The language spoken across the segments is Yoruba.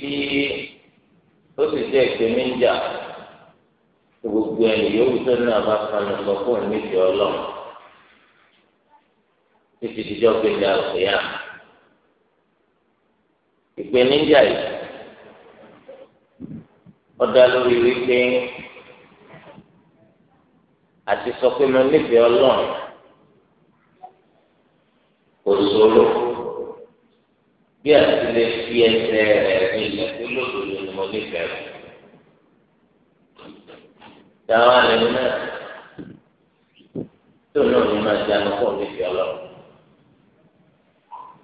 tí ó sì jẹ́ ìpèmí ń jà gbogbo ẹni yòówù tó náà bá fanu sọ fún mi ti ọlọ́run títí dijọ́ gbẹ̀dẹ̀ àgbẹ̀yà ìpèníjà yìí ọ̀dà lórí wípé àti sọ pé mo nífẹ̀ẹ́ ọlọ́run kò sóró bí àti lè fi ẹsẹ̀ rẹ̀ mo nífẹ̀ẹ́ rẹ̀. Ìyàwó àlejò náà tó náà ní máa jẹun pọ̀ nífẹ̀ẹ́ ọlọ́run.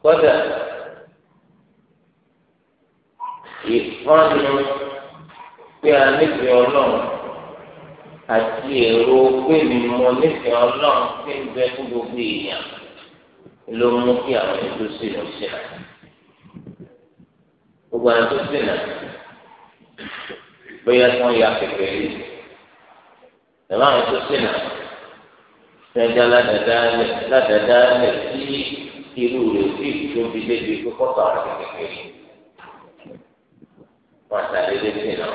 Kọ́dà ìfọ́nù pé a nífẹ̀ẹ́ ọlọ́run àti èrò pé mi mo nífẹ̀ẹ́ ọlọ́run pé ń bẹ fún gbogbo èèyàn ló mú kí àwọn ètò sínú sí náà gbogbo àwọn tó sì náà bóyá tí wọ́n ya kẹ̀kẹ́ rí ẹ̀rọ àwọn tó sì nà fẹ́ẹ́dá ládàáda lẹ̀ sí irú rẹ̀ sí ìtòbi débi pé kọ́kọ́ àwọn kẹ̀kẹ́ rí wọ́n àtàlẹ́lẹ́ sí nà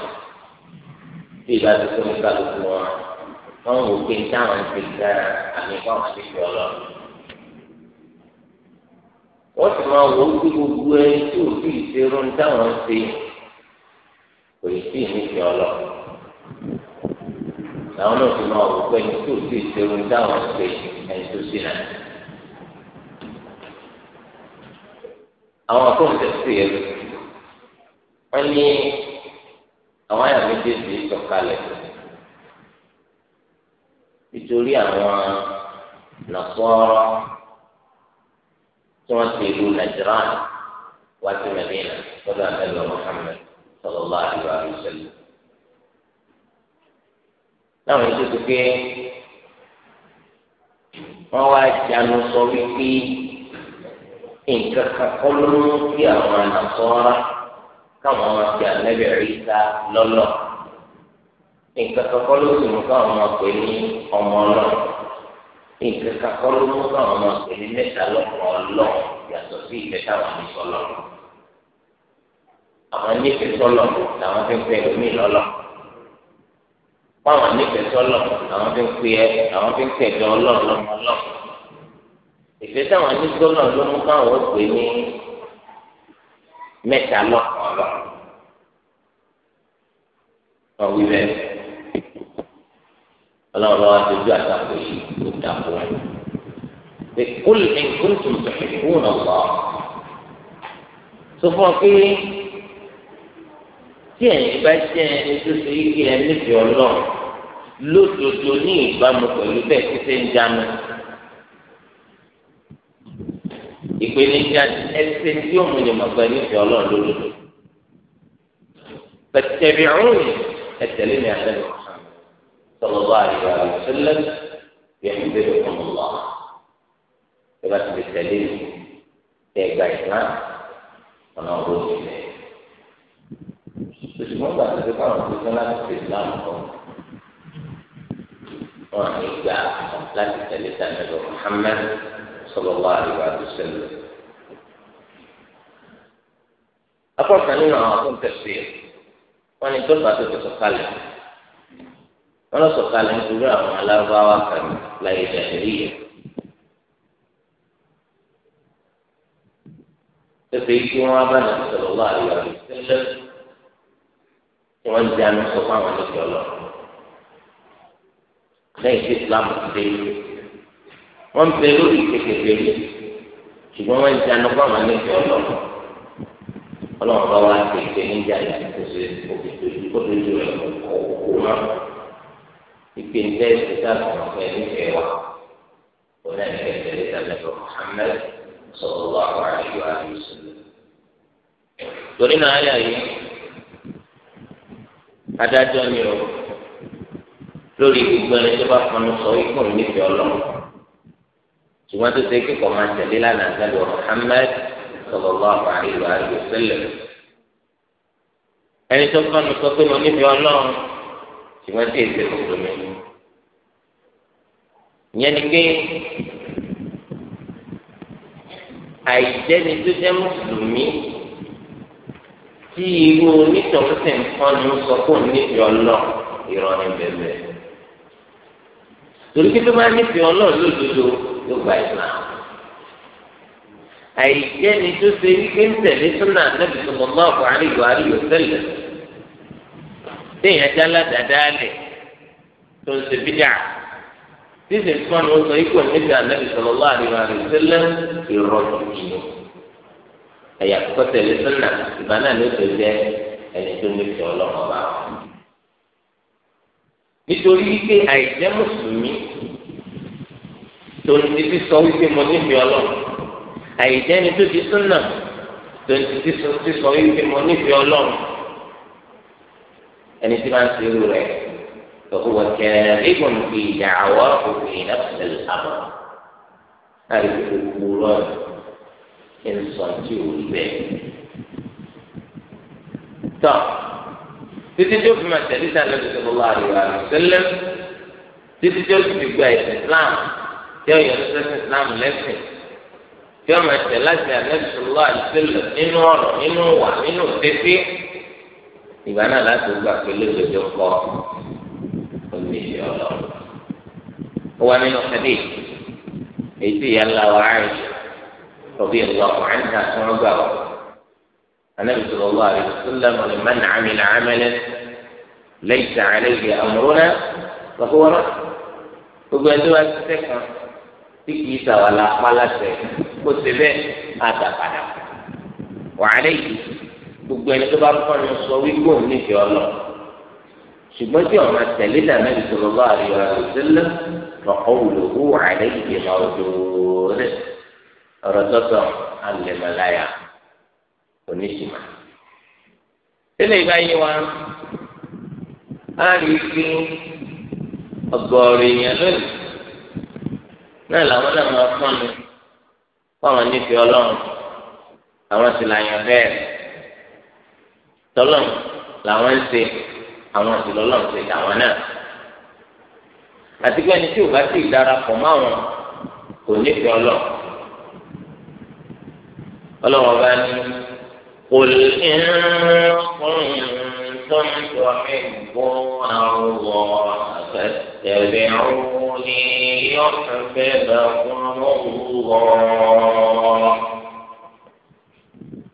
bí ìbá ti fún kálukú wọn wọ́n wò pé táwọn ti gba àmì káwọn ti fi ọlọ́run wọ́n sì máa wò ó gbogbo ẹni tí òbí ìṣerú ń táwọn ń ṣe kò ní sí ìnífẹ̀ẹ́ ọlọ làwọn náà fi máa wò pé ẹni tí ò sí ìṣerun dáhùn ṣe ẹni tó sí náà àwọn akóńtẹ̀ sí ẹ wọ́n ní àwọn àyà méjèèjì sọ̀kalẹ̀ nítorí àwọn nàṣọ́rọ́ tí wọ́n ti lu nàìjíríà wá sí mẹ́lẹ́nà lọ́dọ̀ àtẹ̀lẹ́ Muhammad sallallahu alaihi wasallam láwọn ètò ti pé wọn wá jánu sọ wípé nǹkan kan kọ́ ló mú kí àwọn ànàsọ́ra káwọn máa fi ànábì Ìsá lọ́lọ́ nǹkan kan kọ́ ló sì mú káwọn máa pè ní ọmọ ọlọ́run nǹkan kan kọ́ ló mú káwọn máa pè ní mẹ́ta lọ́kọ̀ọ́ lọ́ọ̀ yàtọ̀ sí ìfẹ́ táwọn àmì sọ́lọ́run àwọn nífẹ̀ẹ́ sọ́lọ̀ làwọn fi ń pe ẹlòmíì lọ́lọ́ fáwọn nífẹ̀ẹ́ sọ́lọ̀ làwọn fi ń pe ẹ làwọn fi ń tẹ̀lé ọlọ́run lọ́mọ lọ́ ìfẹ́ táwọn nígbọ́nà ló mú káwọn ó pè ní mẹ́ta lọ́kàn lọ ọ̀wí bẹ́ẹ̀ ọlọ́run lọ́wọ́ dojú àtàkùn yìí ó dàpọ̀ pé kúlù ní kúlù tó ń tẹ̀lé sọ fún ọ pé tí ẹ̀yin bá jẹ́ ẹni tó ṣe yíyí ẹ nífẹ̀ẹ́ ọlọ́run lódodo ní ìbámu pẹ̀lú bẹ́ẹ̀ tí ṣe ń jánu. ìpèníjà ẹsẹ tí ó mú ni mọ̀ pé nífẹ̀ẹ́ ọlọ́run lódodo. pẹ̀tẹ̀rì ọ̀hún ẹ̀tẹ̀lé mi àtẹ̀lé sọlọ́bà àríwá àlùsílẹ̀ yẹn bẹ̀rẹ̀ fún mi lọ. ìbá ti tẹ̀lé mi tẹ̀ ẹ̀gbà ìsìlámù ọ̀nà ọ̀rọ̀ ṣùgbọ́n gbà tó ti fáwọn tó tán láti ṣe islam kọ́ wọn àní gbà láti tẹ̀lé sàmẹ́lò Muhammad sallallahu alaihi wa sallam. akọ́kàn nínú àwọn akóńtẹ̀sí wọn ni tó bàtò tó sọ̀kalẹ̀ wọn lọ sọ̀kalẹ̀ nítorí àwọn aláwáwá kan láyé dàdéríyà. tẹ̀sí kí wọ́n bá nàìjíríà sallallahu alaihi wa sallam. tí wọ́n ń di àmì sọ fún àwọn ẹlẹ́gbẹ́ ọlọ́ lẹ́yìn tí islam ti dé wọ́n ń bẹ lórí kékeré ṣùgbọ́n wọ́n ń di àmì fún àwọn ẹlẹ́gbẹ́ ọlọ́ ọlọ́run bá wá sí ìpè níjà yìí kò sí òkèèdè òdodo rẹ̀ kò má ìpè níjà yìí kò ọ̀fẹ́ nífẹ̀ẹ́ wa wọn náà nífẹ̀ẹ́ tẹ̀lé tàbí ọ̀fẹ́ Muhammad sọ̀rọ̀ wà wà ayé adájọ́ ni o lórí gbogbo ẹni tó bá fọnù sọ ikú nífẹ̀ẹ́ ọlọ́run ṣùgbọ́n tó ṣe kíkọ̀ máa tẹ̀lé lánàá sẹ́lẹ̀ Muhammad sallallahu alaihi wa wasallam ẹni tó fọnù sọ pé mo nífẹ̀ẹ́ ọlọ́run ṣùgbọ́n tí èsì mùsùlùmí ìyẹn ni pé àìjẹ́ni tó jẹ́ mùsùlùmí tí irú onítọ̀hún sì ń kọ́ ni ó sọ fún nífẹ̀ẹ́ ọlọ́ọ̀ ìrọ̀ ni bẹ̀rẹ̀. torí pé tó bá nífẹ̀ẹ́ ọlọ́ọ̀ lódodo yóò gba ìlà. àìjẹ́ni tó ṣe wípé ń tẹ̀lé súnà níbi tó mọ̀ mọ́ ọkọ̀ àríyọ àríyọ tẹ́lẹ̀. téèyàn já ládàáda lẹ̀ tó ń ṣe bídà. tí sì ń sọ ikú nífẹ̀ẹ́ ànábì sọ̀rọ̀ lọ́ ẹ̀yà kọ́kọ́ tẹ̀lé sọ́nà ìgbà náà ló tó jẹ́ ẹni tó ní fi ọlọ́run ọba wọn. nítorí wípé àìjẹ́ mùsùlùmí tó ń ti fi sọ wípé mo nífẹ̀ẹ́ ọlọ́run àìjẹ́ ni tó ti sọ́nà tó ń ti sọ wípé mo nífẹ̀ẹ́ ọlọ́run ẹni tí máa ń ṣe irú rẹ̀ فهو كاذب في دعواه في نفس الأمر هذه القرآن nsọ tí ò rí bẹ́ẹ̀. tọ́ títí tí ó fi máa tẹ̀lé sí àlejò tó lọ́wọ́ àríwá rẹ̀ sẹ́lẹ̀ títí tí ó fi fi gba ẹ̀sìn Islam tí ó yọ ẹ̀sìn Islam lẹ́sìn tí ó máa tẹ̀lé sí àlejò tó lọ́wọ́ àríwá nínú ọ̀rọ̀ nínú wà nínú tẹ́tí ìgbà náà láti gbà pé lójoojó ń kọ́ omi ìyọ̀ lọ. ó wà nínú kẹ́dí èyí tí ìyá ńlá wa Àìṣà. رضي الله عنها وعبارة النبي صلى الله عليه وسلم لمن عمل عملا ليس عليه أمرنا فهو رد gbogbo ẹni tó bá ṣiṣẹ́ kan tí kìí ṣàwàlà apálàṣẹ kó ṣe bẹ́ẹ̀ àdàpadà wàhálà yìí gbogbo ẹni tó bá fọ́n ní sọ wípé òun nífẹ̀ẹ́ ọlọ ṣùgbọ́n tí ọ̀nà tẹ̀lé dàná ìṣòro bá àríwá rẹ̀ sílẹ̀ lọ́kọ̀ọ́ wùlò wù wàhálà yìí lọ́dọọdẹ ọ̀rọ̀ sọsọ alẹmọláyà oníṣìmá tẹ́lẹ̀ ìbáyé wa á rí i pé ọ̀gọ̀ọ̀rọ̀ èèyàn lónìí náà làwọn náà máa fọnù fáwọn nífẹ̀ẹ́ Ọlọ́run àwọn sì làyàn bẹ́ẹ̀ tọlọ́run làwọn ń ṣe àwọn sì lọ́lọ́run ṣe tàwọn náà àti pé ẹni tí ò bá sì darapọ̀ máwọn kò nífẹ̀ẹ́ Ọlọ́run. ọlọ́wọ́ bá ní قل إن كنتم تحبون الله فاتبعوني يحببكم الله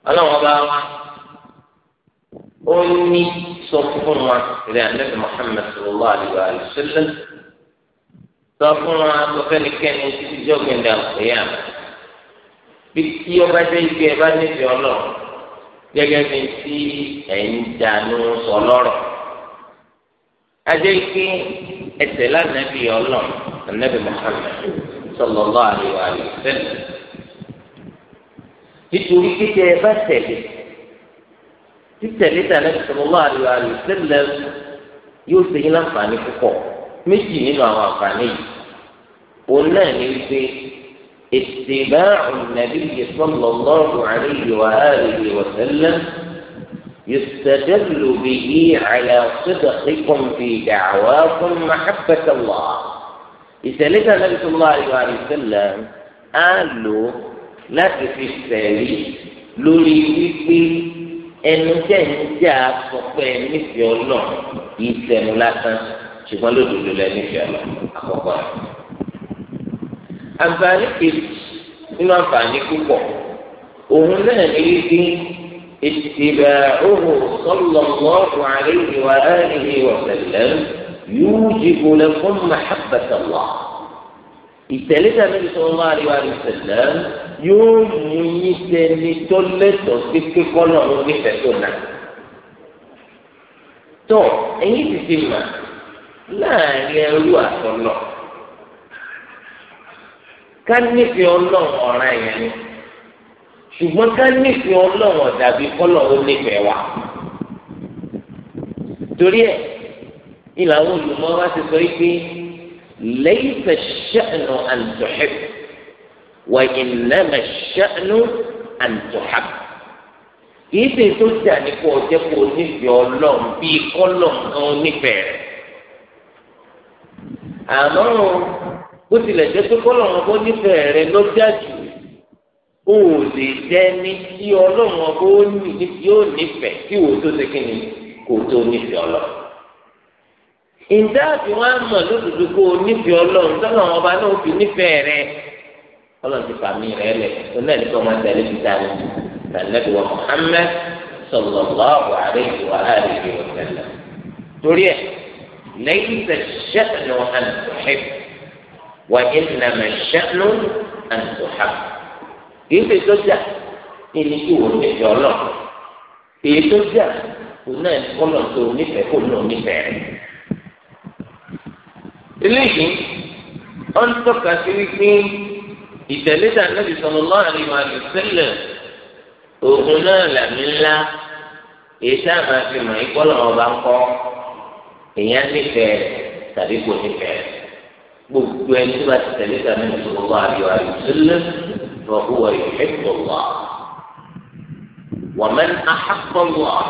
ọlọ́wọ́ bá wá ó ní sọ fún wa ìrìn àlẹ́ Muhammad sallallahu alayhi wa sallam sọ fún wa sọ fẹ́nikẹ́ni títí jọ́gbìn dàgbéyàwó. bí tí ọba jẹ́ ibi ẹ̀ bá níbi ọlọ́ gẹ́gẹ́ bí tí ẹ̀yin dànù sọ lọ́rọ̀ ajẹ́ ike ẹsẹ̀ lánàbí ọlọ́ ànábì Muhammad sallallahu alaihi wa sallam nítorí kíkẹ́ ẹ bá tẹ̀lé títẹ̀lé tànábì sallallahu alaihi wa sallam yóò ṣe yín láǹfààní púpọ̀ méjì nínú àwọn àǹfààní yìí òun náà ní wípé. اتباع النبي صلى الله عليه وآله وسلم يستدل به على صدقكم في دعواكم محبة الله إذا النبي صلى الله عليه وسلم قالوا: لا في السالي لولي ويكي ẹnu jẹ ń jẹ àsọpẹ nífẹ̀ẹ́ Ọlọ́run kì sẹnu lásán ṣùgbọ́n lódodo lẹ nífẹ̀ẹ́ Ọlọ́run àkọ́kọ́ rẹ àǹfààní kejì nínú àǹfààní púpọ̀ òun náà ní wípé ìtìbà òhùn sallallahu alayhi wa alihi wa sallam yujibu lakum mahabbata Allah ìtẹ̀lé tàbí sallallahu alayhi wa sallam yóò mú yín tẹni tó lẹ́tọ̀ọ́ sí kíkọ́ náà ló ní fẹ̀tọ́ náà ti ti mà láàrin ẹrú àtọ̀ náà ká nífẹ̀ẹ́ ọlọ́run ọ̀ràn yẹn ni ṣùgbọ́n ká nífẹ̀ẹ́ ọlọ́run ọ̀dàbí kọ́lọ̀ ó nífẹ̀ẹ́ wa torí ẹ̀ ilà àwọn olùmọ̀ wa ti sọ yìí pé lẹ́yìn fẹ́ ṣẹ́nu àǹtọ̀hẹ́ wà ìnáma ṣẹ́nu àǹtọ̀hẹ́ kìí ṣe tó dà ní kó ọjọ́ kó ọlọ́run bíi kọ́lọ̀ kan nífẹ̀ẹ́ rẹ̀ àmọ́ bó tilẹ̀ jẹ́ pé kọ́lọ́run bó nífẹ̀ẹ́ rẹ ló dájú o ò lè jẹ́ ní tí ọlọ́run bó yóò nífẹ̀ẹ́ kí wò tó ṣe kí ni kò tó nífẹ̀ẹ́ ọlọ́run. ìdá àti wọn á mọ̀ lódodo kó o nífẹ̀ẹ́ ọlọ́run tọ́lọ́run ọba náà fi nífẹ̀ẹ́ rẹ ọlọ́run ti fàmì rẹ lẹ̀ tó náà nípa ọmọ tẹ̀lé ti ta ni tàlẹ́bí wa Muhammad sallallahu alayhi wà ìnàmà ṣẹ́nu àǹtọ̀hà kìí ṣe sọ́jà ní ní ìwò ìjọ ọlọ́ èyí tó jà kò náà kọ́nà tó nífẹ̀ẹ́ kò náà nífẹ̀ẹ́ rẹ̀ eléyìí ó ń tọ́ka sí wípé ìtẹ̀lẹ́dà nàbì sallallahu alaihi wa sallam òògùn náà làmì ńlá èyí tá a máa fi mọ̀ ìkọ́lọ̀ ọba ńkọ́ èèyàn nífẹ̀ẹ́ tàbí kò nífẹ̀ẹ́ rẹ̀. بوكو ẹni tí bá ti tẹ̀lé tàbí tabi وسلم àríwá فهو يحب الله ومن أحب الله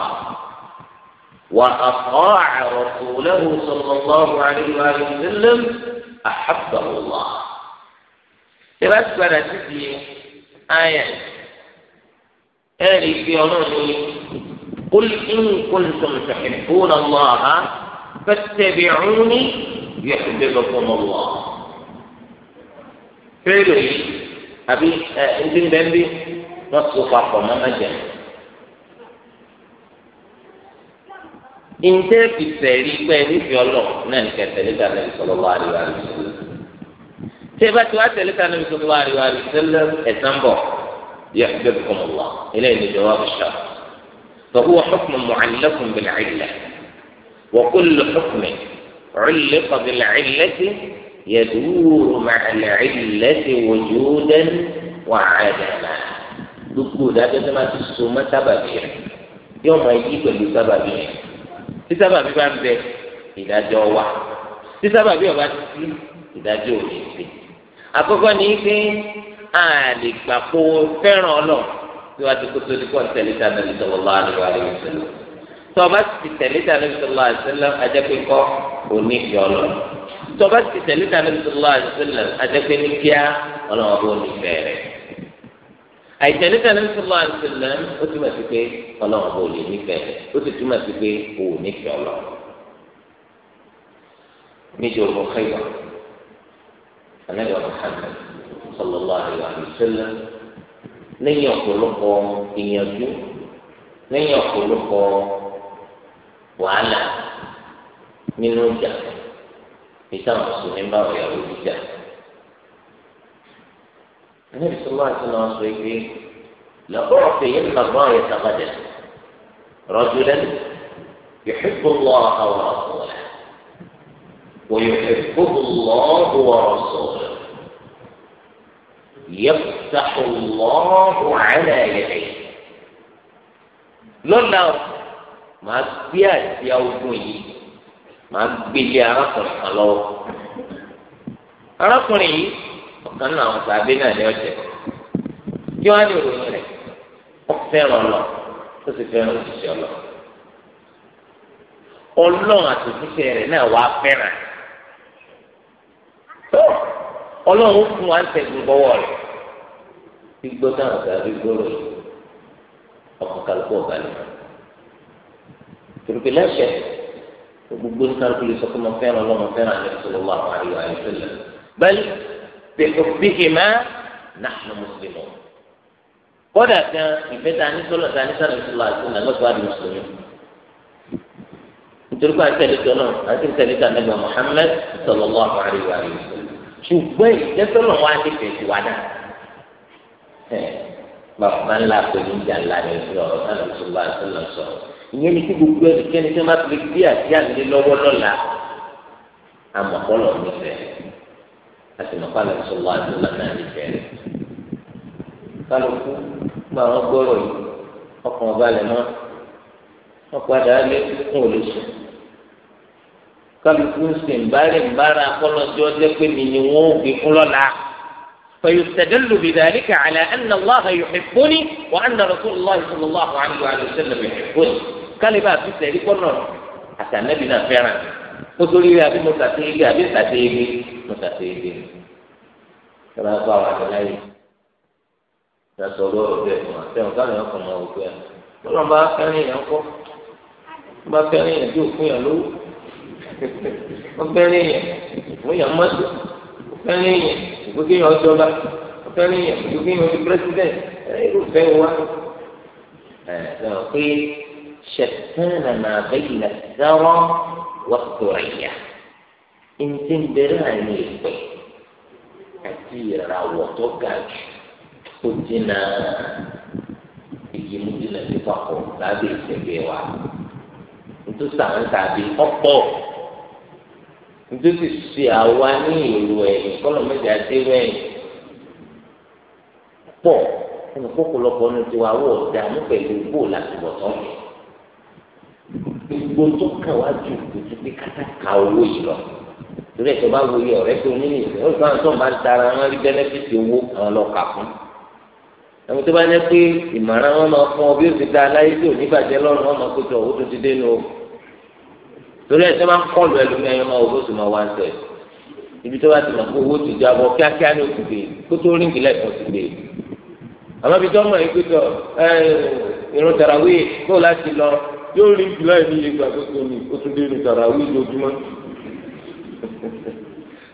وأطاع رسوله صلى الله عليه وآله وسلم أحبه الله تبصر تدي آية أري في قل إن كنتم تحبون الله فاتبعوني يحببكم الله فعله أبي أنت بنبي نص فاطمة ما مجال انت في تري تري في الله نانك تري كان النبي صلى الله عليه وسلم تبى تواجه تري كان النبي صلى الله عليه وسلم example يحببكم الله إليه جواب الشرع فهو حكم معلق بالعلة وكل حكم علق بالعلة يدور مع العلة وجودا وعدما دكو ده ده ما تسمى سببية يوم يجيب بسببية بسبب بان ده إذا جوا بسبب يوم إذا جوا àkọ́kọ́ ni pé a lè gbà kó fẹ́ràn ọlọ́run tí wàá ti kó tó di kó tẹ̀lé tí a nàbì sọ̀rọ̀ lọ́wọ́ àdúrà ti tẹ̀lé tí a nàbì sọ̀rọ̀ lọ́wọ́ onífẹ̀ẹ́ ọlọ tọba ti tẹ̀lé tàbí sọlá àdìsílẹ̀ àdẹ́pẹ́ ní kíá ọlọ́wọ́ bó nífẹ̀ẹ́ rẹ̀ àìtẹ̀lé tàbí sọlá àdìsílẹ̀ ó túmọ̀ sí pé ọlọ́wọ́ bó lè nífẹ̀ẹ́ rẹ̀ ó sì túmọ̀ sí pé kò nífẹ̀ẹ́ ọlọ níjọba kẹwàá anabi Muhammad sallallahu alayhi wa sallam lẹ́yìn ọ̀pọ̀lọpọ̀ ìyànjú lẹ́yìn ọ̀pọ̀lọpọ̀ wàhálà. nínú ìjà níta mùsùlùmí bá wọn yàwó jíjà níbi tó máa ti náà sọ pé lọ́kọ́ ọ̀fẹ́ yẹn nà bọ́ àyè sàkàdé rọ́jú lẹ́nu yòókù lọ́wọ́ àwọn ọ̀sọ̀rọ̀ ويحبه الله ورسوله يفتح الله على يديه لولا ما بيا يا màá gbélé arákùnrin kan lọ́wọ́ arákùnrin yìí ọ̀kan náà àwọn sàbẹ náà ní ọjẹ kí wọn á lè ròyìn rẹ̀ ó fẹ́ràn lọ ó sì fẹ́ràn òṣìṣẹ́ lọ Ọlọ́run àti òṣìṣẹ́ rẹ̀ náà wàá fẹ́ràn tó Ọlọ́run ó fún wa ń tẹgùn bọ́wọ́ rẹ̀ gbígbó náà sàbẹ gbòòrò ọkàn kálukú ọgá lọ torí pé gbogbo sáré lè sọ pé mo fẹ́ràn ọlọ́mọ fẹ́ràn àyè sọ̀rọ̀ wà wà àyè àyè sọ̀rọ̀ bẹ́ẹ̀ bihima nahnu muslimun kódà kan ìfẹ́ ta ní sọ́lọ̀ ta ní sáré sọ́lọ̀ àti sọ́lọ̀ lọ́sọ̀ àdì mùsùlùmí nítorí pé àti tẹ̀lé Muhammad sallallahu alaihi wa alihi ṣùgbọ́n ìjẹ́sọ́lọ̀ wa ní fèsì wa náà bàbá ńlá pẹ̀lú ìjà ńlá ní ìfẹ́ ọ̀rọ̀ náà lọ́sọ̀lọ́ àti ìyẹn ní kí gbogbo ẹnikẹ́ni tí wọ́n bá ti lè gbé àti àlè lọ́wọ́ lọ́la àmọ̀kọ́lọ̀ nífẹ̀ẹ́ àti mọ̀kálà sọ̀rọ̀ àti lọ́nà nífẹ̀ẹ́ kálukú gba àwọn gbọ́rọ̀ yìí ọkàn ọba lẹ̀ mọ́ wọ́n padà lé fún olóṣù kálukú ń sè ń bárẹ̀ ń bára akọ́lọ́jọ́ jẹ́ pé mi ni wọ́n ò gbé fún lọ́la. فيستدل بذلك على أن الله يحبني وأن رسول الله صلى الله عليه وسلم يحبني kálí bá fi sẹ̀rí kọ́nà àtànẹ́bí náà fẹ́ràn mo sórí rẹ àbí mo sàté igi àbí sàté igi mo sàté igi kọ́nà bá wà ní láyé yàtọ̀ lọ́rọ̀ bẹ́ẹ̀ fún wa sẹ́wọ̀n káwọn yẹn kàn máa wò pé lọ́nà bá fẹ́ràn yẹn kọ́ bá fẹ́ràn yẹn tó fún yẹn lówó wọ́n fẹ́ràn yẹn fún yẹn mọ́tò fẹ́ràn yẹn ìgbókè yẹn ọjọ́ba ọjọ́ pírẹ́sìdẹ̀ntì ẹ̀ ló fẹ́ wa ẹ̀ lọ́nà شتان ما بين الثرى والثريا إن تنبراني كثيرا وتوكاج قدنا ìyímúdínà ti fọkọ lábẹ́ ìṣẹ̀gbẹ́ wa nítorí àwọn tàbí ọ̀pọ̀ nítorí ṣe àwa ní ìlú ẹ̀yìn kọ́lọ̀ mẹ́ta dé rẹ̀yìn pọ̀ ẹnì kókò lọ́pọ̀ ní tiwa wọ̀ dààmú pẹ̀lú bó láti bọ̀ sọ́kẹ́ gbogbo tó kàn wá ju kòtò pé kátà ka owó yìí lọ torí ẹ̀sọ́ bá wòye ọ̀rẹ́ tó ní nìyẹn ó sàn tó máa ń tara wọn rí bẹ́nẹ́fìtì owó àwọn lọ kà fún àwọn tó bá yẹ pé ìmọ̀ràn wọn máa fún ọ bí ó ti da aláyé tí ò ní bàjẹ́ lọ́rùn wọn máa kótó owó tó ti dé nu o torí ẹ̀sọ́ máa ń kọlù ẹlòmíyàn máa owó sì máa wá ń tẹ̀ ibi tó bá ti mọ̀ pé owó ti jábọ̀ kíákíá ní òkùnkè kó tó ríngìlẹ̀ kan ti gbé àmọ́ ibi tó mọ̀ ẹ́ pé tọ irun tarawih kó láti lọ yóò rí jùlọ ẹni yìí gba gbogbo ni ó tún dé ní tàràwí lójúmọ́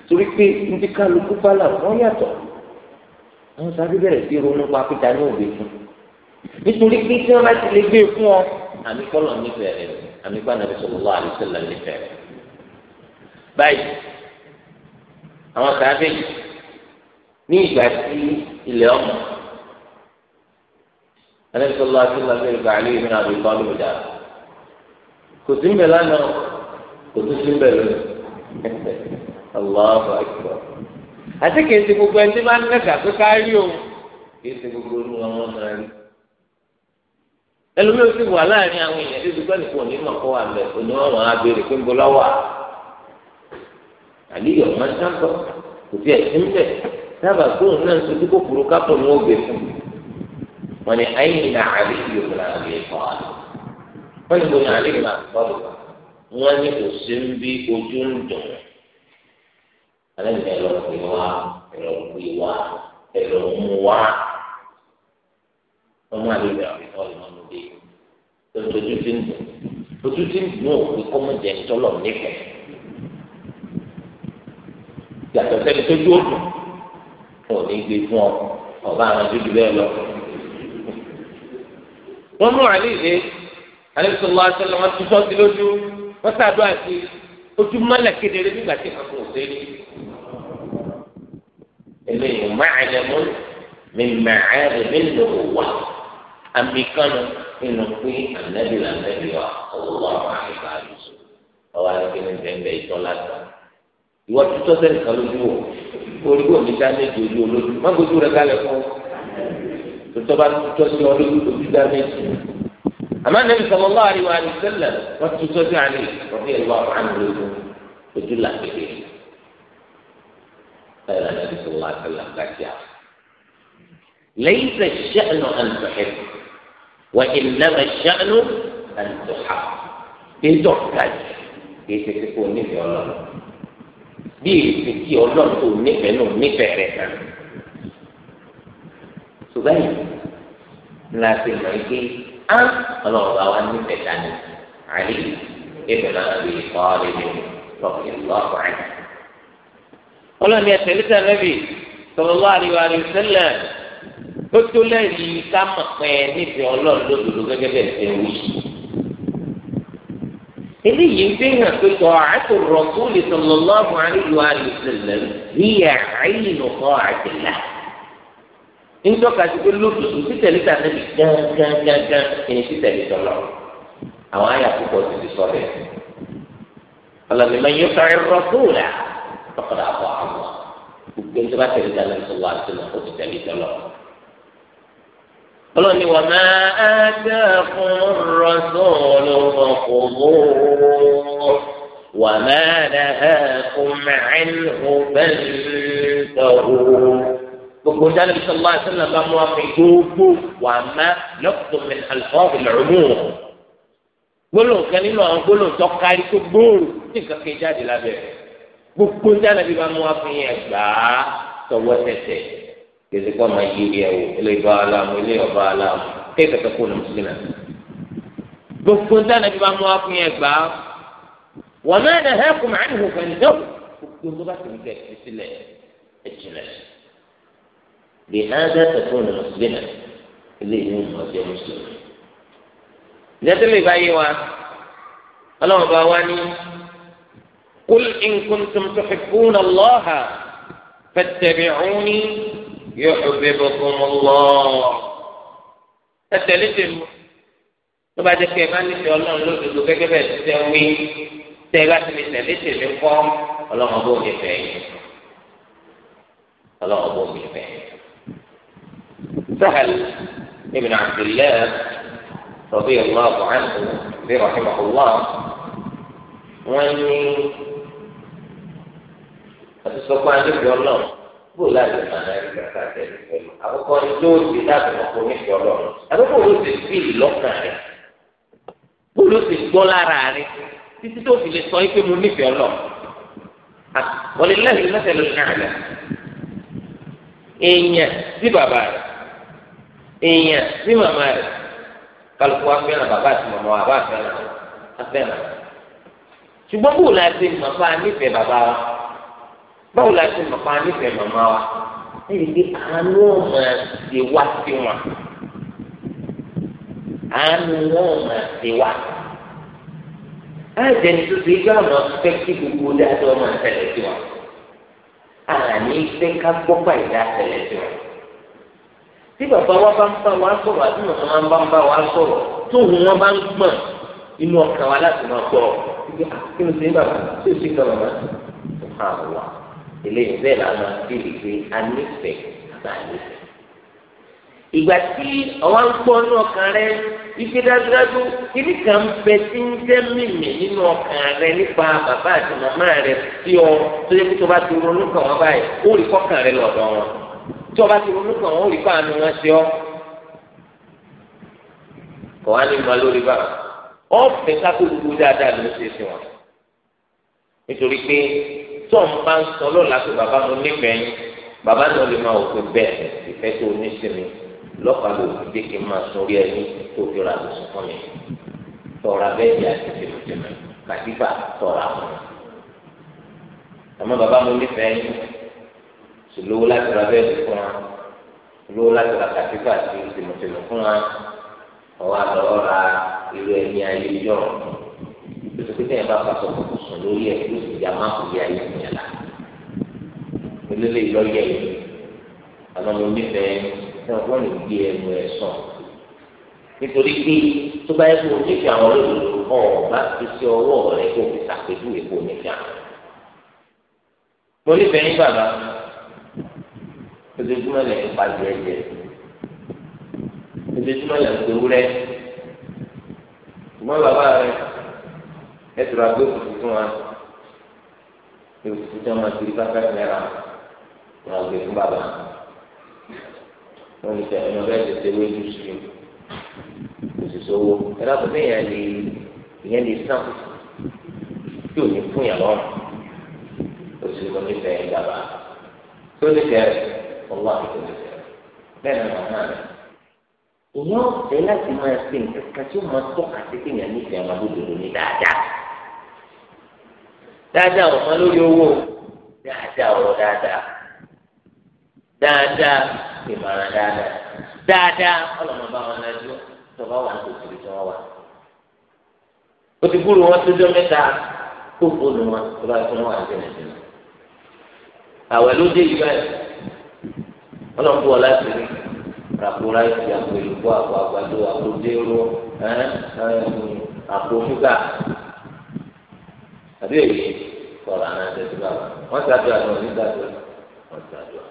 torí pé ndí kálukú bá là wọ́n yàtọ̀ wọ́n sáré bẹ̀rẹ̀ sí ronú pa pété ní òbí fún nítorí pé tí wọ́n bá ti lè gbé fún ọ àmì kọ́lọ̀ nífẹ̀ẹ́ rẹ̀ àmì kọ́lọ̀ nàbí sallallahu alaihi wasallam nífẹ̀ẹ́ rẹ̀ báyìí àwọn sáré ní ìgbà tí ilẹ̀ ọmọ anabi sallallahu alaihi wasallam bẹ̀rẹ̀ bàálù ìmìnira àbí ìbálòmìdá kò sí mbẹ lánàá kò tún sí mbẹ lónìí Allahu akbar àti kìí ṣe gbogbo ẹni tí máa ń nẹ́gà pé ká rí òun kìí ṣe gbogbo olú wọn wọn máa rí ẹlòmíràn sì wà láàrin àwọn èèyàn tí ìdúgbò nìkan mọ̀ kó wà mẹ́ òní wọn wọn á béèrè pé lọ́wọ́ àlíyọ̀ máa ń kò sí ẹ̀sìn òun wọ́n ní bóyá alẹ́ máa sọ̀rọ̀ wọ́n ní kò sí ń bí ojú ń dùn alẹ́ ní ẹ̀rọ pè wá ẹ̀rọ pè wá ẹ̀rọ mú wá ọmọ alẹ́ ní àwọn ìfọ̀ ìmọ̀ ní bí ojú ti ń dùn ojú ti ń dùn òkú kọ́mọ̀jẹ̀ ń tọ́lọ̀ nípẹ̀ yàtọ̀ sẹ́ni tó dúró dùn wọn ò ní gbé fún ọ ọba àwọn ojú bẹ́ẹ̀ lọ. wọ́n mú àlè yìí alẹ́ sọ̀rọ̀ wa sọ̀rọ̀ wọn ti sọ́ sí lójú wọ́n sàdó àti ojú mọ́lẹ̀ kedere nígbà tí kankan ò sẹ́ni. eléyìí ma'lamun min ma'alimin nubuwwah àmì kanu nínú pé ànábì làǹdẹ́bì wa ọ̀wọ́ àwọn àyíká àlùsù ọwọ́ akéwì bẹ́ẹ̀ ìtọ́ lásán. ìwọ títọ́ sẹ́ni kan lójú o orí kò ní dá méjì ojú olójú má gbójú rẹ kálẹ̀ fún tòtọ́ bá títọ́ sí lójú dá méjì. أما النبي صلى الله عليه وآله وسلم وقت عليه رضي الله عنه يقول الله كثير أنا النبي صلى الله عليه وسلم ذاك ليس الشأن أن تحب وإنما الشأن أن تحب إن تحتاج كيف تكون في ولا bí ìsìnkí ọlọ́run tó nífẹ̀ẹ́ náà nífẹ̀ẹ́ rẹ̀ kan ولا ní láti mọ̀ ẹ́ pé á ọlọ́run bá wa nífẹ̀ẹ́ dání àlè ìbùnà àbí ìkọ́ọ̀lẹ́ ní lọ́kì lọ́kọ̀ ẹ̀. ọlọ́run yẹn tẹ̀lé tẹ̀lé bí sọlọ́lá àríwá rẹ̀ sẹ́lẹ̀ ó tó lẹ́yìn ká mọ̀ pé nífẹ̀ẹ́ ọlọ́run lódodo gẹ́gẹ́ bẹ́ẹ̀ ṣe wí. eléyìí ń fihàn pé tọ́ àtò rọ̀kúlì sọlọ́lá àríwá rẹ̀ sẹ́lẹ̀ ńdọ́ka ti pé lóṣooṣù títẹ̀lé ta níbi gángángángán ẹni títẹ̀lé tọ̀lọ̀ àwọn àyà púpọ̀ ti ti sọ bẹ́ẹ̀. ọlọ́ni máa yọ sáré rọ́túùlà lọ́kọ̀dà àbọ̀ àwọn gbogbo ẹni tó bá tẹ̀lé dáná ní sọ́wọ́ àti náà ó ti tẹ̀lé tọ̀lọ̀. ọlọ́ni wà máa á dá fún rọ́túùlù ọkùnrin wà máa dá fún mẹ́rin ọ̀bẹ́ntọ̀rọ̀ gbogbo dáná bí sọlá sọlá bá mú àmì gbogbo wà má lọ́kùnrin alifọ́ọ̀bù lọ́rùmù gbólóhùn kan nínú àwọn gbólóhùn tó kárí tó gbòòrò tí nǹkan kan jáde lábẹ́ rẹ̀ gbogbo dáná bí bá mú àmì yẹn gbà á tọwọ́ tẹ̀tẹ̀ kìsì kọ́ máa yí rí ẹ̀wò ilé ìbá aláàmú ilé ọba aláàmú kéèkì kan kó nà mùsùlùmí gbogbo dáná bí bá mú àmì yẹn gbà á wọ́n mẹ́rin ẹ̀hẹ́kùn máa بهذا تكون مسلما ilé yìí ń ọjọ́ mùsùlùmí. ìjẹ́tí lè báyìí wa ọlọ́run bá wá ní kúl ìnkùntùm tó xìkún ọlọ́ha fẹ̀tẹ̀bì ọ̀húnì yóò xubẹ̀ bọ̀kùn ọlọ́. ẹ̀tẹ̀lẹ́ ti mú tó bá jẹ́ pé ẹ bá nífẹ̀ẹ́ ọlọ́run lódodo gẹ́gẹ́ bẹ́ẹ̀ ti tẹ́ wí tẹ́ ẹ bá ti lè tẹ̀lé tèmi kọ́ ọlọ́run bó mi fẹ́ yìí ọlọ́run bó mi fẹ́ yìí. سهل ابن عبد الله رضي الله عنه رحمه الله واني أتسوق عن ذكر الله bó láti máa náà rí kàkà tẹ̀lé pẹ̀lú àkọ́kọ́ ní tó ti láti mọ̀ kó ní ìjọ lọ́rùn àkọ́kọ́ ló ti fi lọ́kàn rẹ̀ bó ló ti gbọ́ lára rẹ̀ títí tó fi lè sọ pé mo nífẹ̀ẹ́ lọ. wọ́n lè lẹ́yìn lọ́sẹ̀ lórí náà rẹ̀ èèyàn sí bàbá rẹ̀ èèyàn sí màmá rẹ̀ kálukú wa fẹ́ràn bàbá àti màmá wa bá fẹ́ràn wa fẹ́ràn ṣùgbọ́n bó la ṣe màmá nífẹ̀ẹ́ bàbá wa báwo la ṣe màmá nífẹ̀ẹ́ màmá wa ẹ̀yìn pé àánú ọ̀mà ṣe wá sí wọn àánú ọ̀mà ṣe wá àìjẹni tó ṣe gbé àwọn fẹ́ kí gbogbo dáadọ́ máa tẹ̀lé sí wọn àní fẹ́ ká gbọ́ pàìlà tẹ̀lé sí wọn tí bàbá wa bá ń bá wa sọ̀rọ̀ àti màmá wa bá ń bá wa sọ̀rọ̀ tóun wọn bá ń gbọ̀n inú ọkàn wa láti máa gbọ́ ah, kí ló ṣe ń bàbá tí ó sì kan màmá ṣùgbọ́n àwa eléyìí bẹ́ẹ̀ la máa fi lè gbé anífẹ̀ẹ́ àbá anífẹ̀ẹ́. ìgbà tí àwa ń gbọ́ inú ọkàn rẹ ife dájúdájú kíní kan bẹ tí ń jẹ́ mímì nínú ọkàn rẹ nípa bàbá àti màmá rẹ tí ọ tó yẹ kó tó bá ti ronú kàn wọ́n báyìí ó rí kọ́kàn rẹ lọ́dọ̀ wọn tí ọba ti ronú kàn wọn ò rí bá àánú wọn ṣe ọ kò wá ní ìmọ̀ lórí bá ọ̀fẹ́ kákó gbogbo dáadáa ló ṣe sí wọn nítorí pé tọ́m bá ń sọ lọ́la pé bàbá mo nífẹ̀ẹ́ yín bàbá náà lè máa òfin bẹ́ẹ̀ ìfẹ́ tó ní sí mi lọ́pàá ló fi dé kí n máa sọ orí ẹni tó fi ra lọ sùn fún mi tọ́ra bẹ́ẹ̀ di àti tèmọ̀tèmọ̀ kàdífà tọ́ra fún mi àmọ́ bàbá mo nífẹ̀ẹ́ yín sì lówó láti ra bẹ́ẹ̀dì fún wa lówó láti ra kàtífà sí tìmùtìmù fún wa ọwọ́ àlọ́ ra irú ẹni ayé jọ lóṣù pé tẹ̀yìn bá pàṣẹ kòkò sùn lórí ẹ̀ lóṣù ìjà máa kò yẹ ayé ìyẹn la olólè lọ́yẹ̀ yìí àwọn ọmọ onífẹ̀ẹ́ náà wọ́n lè gbé ẹnu ẹ̀ sàn nítorí pé tó bá yẹ kó o nífẹ̀ẹ́ àwọn olódodo ọ̀ bá ti ṣe ọwọ́ rẹ̀ kó o fi ṣàpèjúwe kó o nífẹ̀ẹ́ àwọn. mo nífẹ̀ẹ́ yín bàbá ojoojúmọ́ lẹ̀ ń pàjọ ẹ̀jẹ̀ ojoojúmọ́ lẹ̀ ń gbẹwúrẹ́ ṣùgbọ́n bàbá rẹ ẹ tọrọ agbé òkùnkùn fún wa òkùnkùn tí wọ́n máa ti fáfẹ́ mẹ́ra wọn gbé fún bàbá wọn ní sẹ ẹnu bẹ́ẹ̀ tètè wéjú sí i kò sì sówó ẹ dákun bẹ́ẹ̀ yẹn lè ìyẹn lè sàn tí ò ní fún yàn lọ́rùn òsì ló ní fẹ́ tó ní fẹ́ ọlọ́ àìkò lè fẹ́ bẹ́ẹ̀ ni màmá rẹ̀ ìyẹn ọ̀fẹ́ láti máa ṣe nǹkan kan tí ó máa tọ́ka sí kéèyàn nífẹ̀ẹ́ ọmọdé ní dáadáa dáadáa ọ̀rọ̀ máa lórí owó dáadáa ọ̀rọ̀ dáadáa dáadáa ìmọ̀ràn dáadáa dáadáa ọlọ́mọ bá wọn lájú tọ́ba wà ní òṣèlú tí wọ́n wà o ti gbúrò wọn tójọ́ mẹ́ta kó fóònù wọn tọ́ba tí wọ́n wà ní jẹ́nẹ̀jẹ́nẹ̀ àwẹ̀ ló dé ìgbà yìí ọlọ́run tó wọ láti rí àpòrá ìsì àpò ìlúkọ àpò àgbàdo àpò dééró àpò ṣúgà àbí èyí kọlà náà tẹsí bàbá wọn ṣàjọ àti wọn nígbàdọ wọn ṣàjọ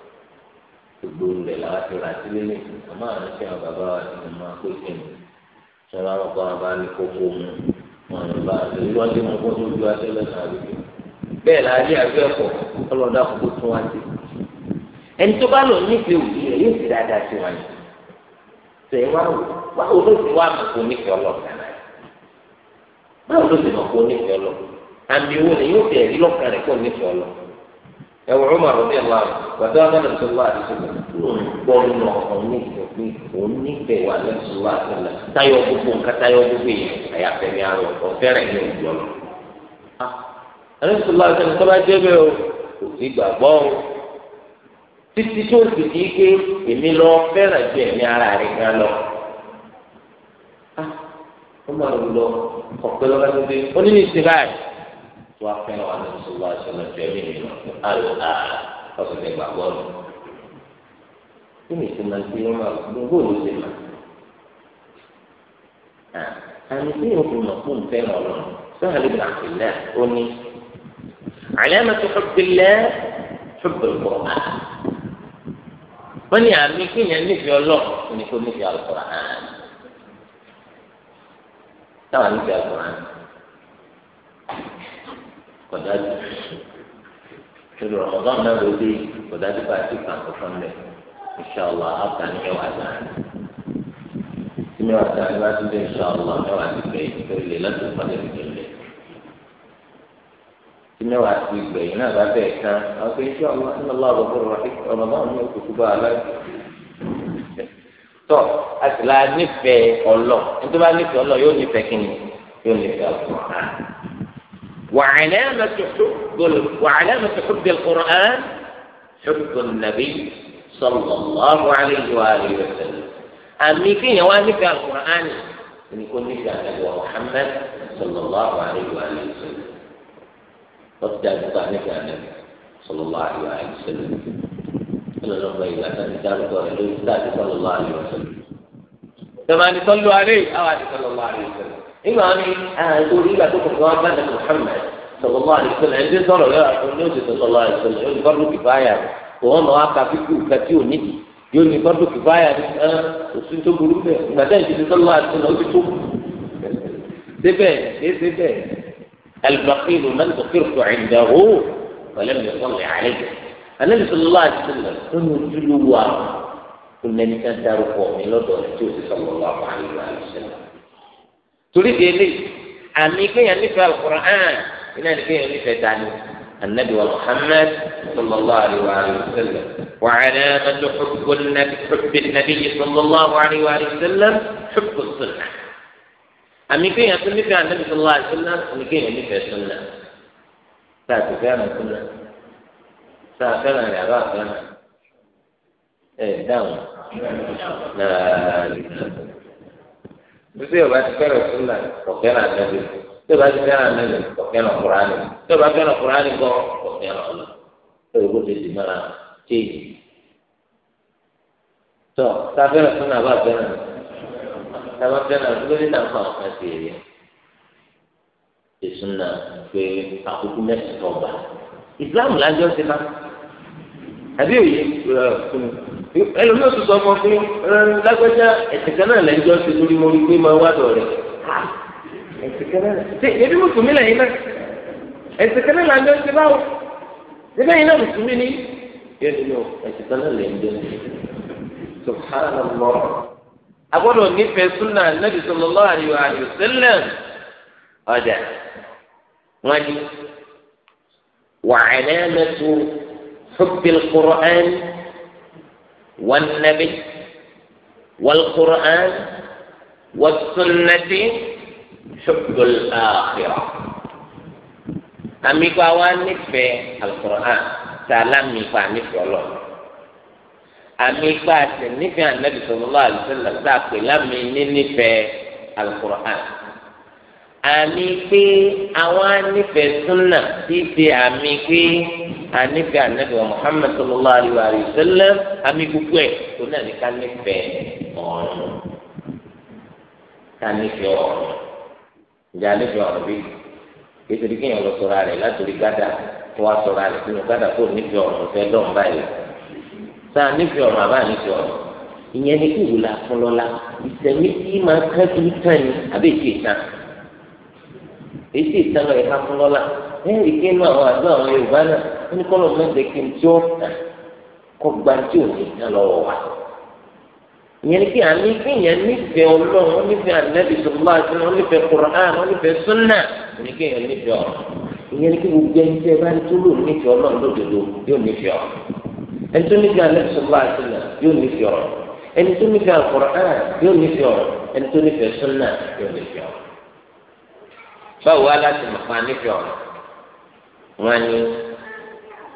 gbogbo rẹ làwọn ti rà sílé ní àmọ́ àwọn ṣe àwọn bàbá wa ti mọ àpò ìkẹyìn ṣe wọn àwọn kan bá ní kókó mu wọn ní bá àti ìlú wọn ti mú kó tó ju àtẹlẹ náà rí bẹ́ẹ̀ láàyè àbí ẹ̀kọ́ ọlọdà kókó tún wá sí i ẹni tó bá lò nífẹ̀ẹ́ òbí rẹ̀ yóò fi dáadáa sí wọn yìí tẹ̀ wá wá olóòtú wá mọ̀ kó nífẹ̀ẹ́ ọlọ́ọ̀kan náà báwo ló ti mọ̀ kó nífẹ̀ẹ́ ọlọ́ àmì wo ni yóò fi ẹ̀rí lọ́kàn rẹ̀ kó nífẹ̀ẹ́ ọlọ́ ẹ̀wọ̀n ọmọ àròbí ẹ̀wọ̀n àrò gbàtọ́ abẹ́rẹ́ wa àdìsọ́lá gbọ́nà onífẹ̀ẹ́ wa lẹ́sọ̀lá àtẹ̀lẹ̀ táyọ̀ gbogbo nǹkan táyọ̀ gbogbo yìí àyàfẹ́ mi àrò ọ̀fẹ́rẹ̀ ní òjò lọ. àdìsọ́lá àtẹ̀lẹ̀ tó títí tó sì kí pé èmi lọ fẹ́ràn ju ẹ̀mí ara rẹ̀ gan lọ. ó máa ń lọ ọ̀pẹ lọ́wọ́ tó dé ó ní ní ìsìn báyìí tó wá fẹ́ràn wà lóṣù wá aṣọ náà ju ẹ̀mí mi lọ àlọ́ àà ọ̀sẹ̀ tẹ̀ gbàgbọ́ lọ. kí ni ìsinmi àti ìwọ́n máa gbogbo òun ṣe máa àmì tí yóò fi mọ̀ fún fẹ́ràn ọ̀rọ̀ sọ́hàlì bin abdullahi ó ní àlẹ́ mẹ́tò fún bilẹ̀ fún bẹ̀rẹ̀ bọ̀ọ̀ wọn ní àmì kínyẹn nífẹ̀ẹ́ ọlọ́run ní kó nífẹ̀ẹ́ alukur'an táwọn nífẹ̀ẹ́ alukur'an kọ̀dájú tolu rọmọdún náà ló dé kọ̀dájú bá ti kàn kọ̀kan lẹ̀ inṣàlá àbúkà ní ẹwà dáa tí mẹwàá dáa ní wàá tún dé inṣàlá mẹwàá ti bẹ̀rẹ̀ tó lè pàdé tó tí mẹ́wàá ti gbẹ̀yìn náà bá bẹ̀ẹ̀ kan àwọn pé iṣẹ́ ọmọ ní ọlọ́wọ́ fún ọ̀rọ̀ ọmọ báwọn ní oṣù tó bá a láì. tọ́ àtìlá nífẹ̀ẹ́ ọlọ́ nítorí bá nífẹ̀ẹ́ ọlọ́ yóò nífẹ̀ẹ́ kí ni yóò nífẹ̀ẹ́ ọlọ́. وعلامة حب وعلامة حب القرآن حب النبي صلى الله عليه وآله وسلم أمي فيه وأمي القرآن أن يكون نفع محمد صلى الله عليه وآله وسلم ọtí àdúgbò àníbi àníbi sọlọlá àyọ àìsílẹ ọlọlọgbà ìgbà tàbí dárúkọ rẹ lórí tàbí sọlọlá àyọ sẹlẹ tẹmánì sọlọ àlẹ àwọn àti sọlọlá àyọ sẹlẹ ìgbà mi àtòrí ìgbà tó kọkọ wọn bá nàbẹ Muhammad sọlọlá àyọ sẹlẹ ẹni sọ̀rọ̀ yóò àtò ní òṣèlú sọlọlá البخيل من ذكرت عنده ولم يصل عليه النبي صلى الله عليه وسلم كن جلوا كنا من قوم لدو صلى الله عليه وسلم تريد لي أمي يعني في القرآن إن في ينفع النبي محمد صلى الله عليه وسلم وعلامة حب النبي, حب النبي صلى الله عليه وسلم حب الصلح àmì kéèyàn tó nífẹ̀ẹ́ ànábì sọlá àṣìlá àmì kéèyàn nífẹ̀ẹ́ sọlá tá a ti fẹ́ àmì sọlá tá a fẹ́ràn rẹ̀ àbá àfẹ́ràn ẹ̀ dáhùn náà bí ọba ti fẹ́ràn sọlá ọ̀fẹ́ràn ànábì bí ọba ti fẹ́ràn ànábì ọ̀fẹ́ràn kùránì bí ọba fẹ́ràn kùránì gan ọ̀fẹ́ràn ọ̀la tó o gbọ́dọ̀ ti mọ́ra téèyì tó tá a fẹ́ràn sọlá àbá àfẹ́ràn tábà fẹ́ràn lórí náà fún àwọn kan sí èrè èso náà pé àkókò mẹ́sàn-án ọgbà ìsìláàmù lájọ́ ti bá àbí òye ẹlòmíràn tó sọ fún mi lágbájá ẹ̀sìnkan náà lẹ́jọ́ ti lórí mo rí pé máa wá dọ̀ rẹ̀ ẹ̀sìnkan náà ẹbí mùsùlùmí lẹ́yìn náà ẹ̀sìnkan náà lájọ́ ti báwò ẹbẹ́ yìí náà mùsùlùmí ni yẹ́nìí náà ẹ̀sìnkan náà lẹ́jọ́ ti subhanallah agbọ́dọ̀ nífẹ̀ẹ́ súnà nàbì sallallahu alaihi wa sallam ọ̀dà wọn di wa'alamatu hubbil Qur'an wan nabi wal Qur'an was sunnati hubbul akhirah àmì kó àwa nífẹ̀ẹ́ al-Qur'an tààlà mi fà nífẹ̀ẹ́ ọlọ́run àmì ipá àti nífẹ̀ẹ́ ànábì sallallahu alaihi wasallam tá a pè lámì nínífẹ̀ẹ́ alukur'an àmì pé àwọn anífẹ̀ẹ́ súnà ti ṣe àmì pé anífẹ̀ẹ́ ànábì Muhammad sallallahu alaihi wasallam àmì gbogbo ẹ̀ tó náà ní ká nífẹ̀ẹ́ ọ̀run ká nífẹ̀ẹ́ ọ̀run ìjà nífẹ̀ẹ́ ọ̀run bí ètò ìdíkẹ́yìn ọ̀rọ̀ sọ̀rọ̀ rẹ̀ látòrí gádà tó wá sọ̀rọ̀ rẹ̀ sínú gádà tó nífẹ̀ẹ́ ọ̀run fẹ́ dọ̀ tá a nífẹ̀ẹ́ ọ̀rọ̀ àbá nífẹ̀ẹ́ ọ̀rọ̀ ìyẹn ní kúrú la fún lọ́la ìsẹ̀mí tí máa kán kí tán ni àbí èsì ìtàn èsì ìtàn lọ ìka fún lọ́la ẹ̀rí kí inú àwọn àdó àwọn Yorùbá náà ó ní kọ́lọ̀ mẹ́jẹ kí n tí ó tà kọ́ gba tí ò ní tán lọ́wọ́ wa ìyẹn ní kí àní kí ìyẹn nífẹ̀ẹ́ Ọlọ́run ó nífẹ̀ẹ́ ànábì sọ̀rọ̀ láti ó nífẹ̀ẹ́ Kùránì ẹni tó nífẹ̀ẹ́ alẹ́ sọ́lá àtúnà yóò nífẹ̀ẹ́ ọ̀rọ̀ ẹni tó nífẹ̀ẹ́ àkùrán yóò nífẹ̀ẹ́ ọ̀rọ̀ ẹni tó nífẹ̀ẹ́ sọ́nà yóò nífẹ̀ẹ́ ọ̀rọ̀ báwo wá láti mọ̀ fún anífẹ̀ẹ́ ọ̀rọ̀ wọn ni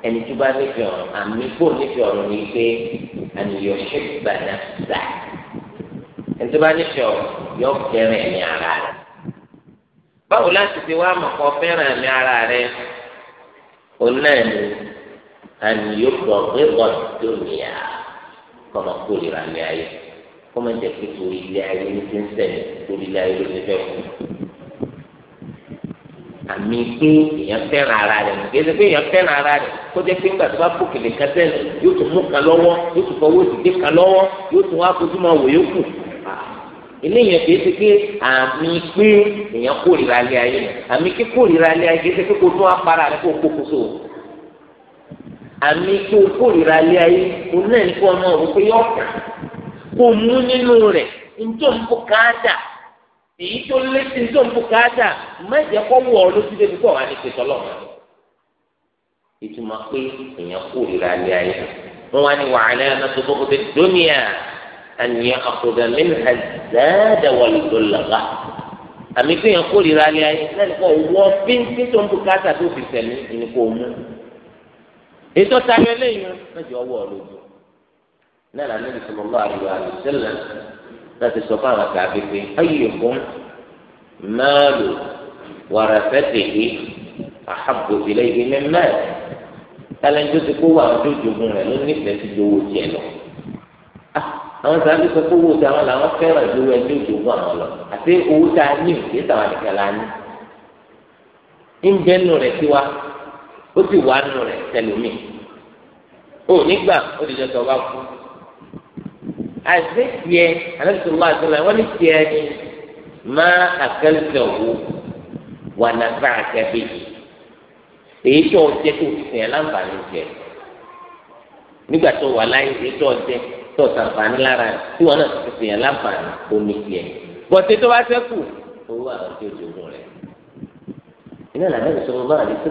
ẹni tó bá nífẹ̀ẹ́ ọ̀rọ̀ àmì kó nífẹ̀ẹ́ ọ̀rọ̀ ni pé àníyàn ṣe gbàdá sá ẹni tó bá nífẹ̀ẹ́ yóò fẹ́ràn ẹ̀mí ara rẹ̀ báwo láti fi wá mọ̀ kọ́ fẹ́ràn ẹ̀mí ara rẹ̀ òun náà ni àníyókò rébọ dóníyà kọmọ kórìíra lé ayé kọmọ jẹ pé torí ilé ayé ní ti ń sẹni torí ilé ayé ló ti fẹ́ kú àmì pé èèyàn fẹ́ràn ara rẹ̀ kì í ṣe pé èèyàn fẹ́ràn ara rẹ̀ kó jẹ́ pé ńgbà tó bá fòkèlè kan sẹ́nu yóò tún mú kan lọ́wọ́ yóò tún fọwọ́ òsìdé kan lọ́wọ́ yóò tún wá fojú máa wò yókù eléyìí kì pé àmì pé èèyàn kórìíra lé ayé àmì pé kórìíra lé ayé kì pé kó wá para rẹ̀ kó kókó sóò àmì kó kórìíra lé ayé òun náà ní kó ọmọ òun pé yọ kà kó mú nínú rẹ̀ ntọ́ ń bùkátà èyí tó létí ntọ́ ń bùkátà mẹ́jẹ kọ́ wọ̀ ọ́ lójú débi kọ́ wà ní pẹ̀tọ́ lọ́wọ́ ìtumọ̀ pé èèyàn kórìíra lé ayé wọn wá ní wàhálà ẹ̀ náà tó bọ́ bọ́ bẹ́ẹ̀ dóníyà àníyàn àkùdà mẹ́rin àzáàdà wà lọ́lọ́lá àmì pé èèyàn kórìíra lé ayé náà ní kọ́ wọ́ bíntí tó ń bùkátà tó fi sẹ̀mí ìníkò mú ètò tayọ eléyìí lọ́jọ́ ọwọ́ lójú náà lànà ní sọlọ lọ́wọ́ àríwá àti sẹ́lẹ̀ láti sọ fún àwọn àgbà pípé ayyukum malu warasatihi ahabbu ilayhi min mali tálẹ́ńtò ti kó wà lójú jogun rẹ̀ ló nífẹ̀ẹ́ sí owó tiẹ̀ lọ. Ah, àwọn sábà sọ pé owó táwọn làwọn fẹ́ràn ju ẹni jogun àwọn lọ àti owó tá a ní òkè táwọn nìkan la ní. ń bẹ́ẹ̀ nù rẹ̀ tiwa ó sì wà nù rẹ̀ tẹlómi ó nígbà ó ti jẹ́ tó bá kú àti tiẹ̀ anábìsọ̀ wá àti ọ̀la wọ́n ní tiẹ̀ ni má àkẹ́lẹ́sẹ̀ wo wà nàfà àkẹ́bí èyí tó ń jẹ́ tó ti sìn ẹ́ láǹfààní jẹ nígbà tó wà láyé èyí tó ń jẹ́ tó sàǹfààní lára tí wọ́n náà ti sìn láǹfààní omi tiẹ̀ bọ̀tẹ́ tó bá fẹ́ kù owó àwọn tí ó jogún rẹ̀ iná làbẹ́ ìṣòro náà àdìsí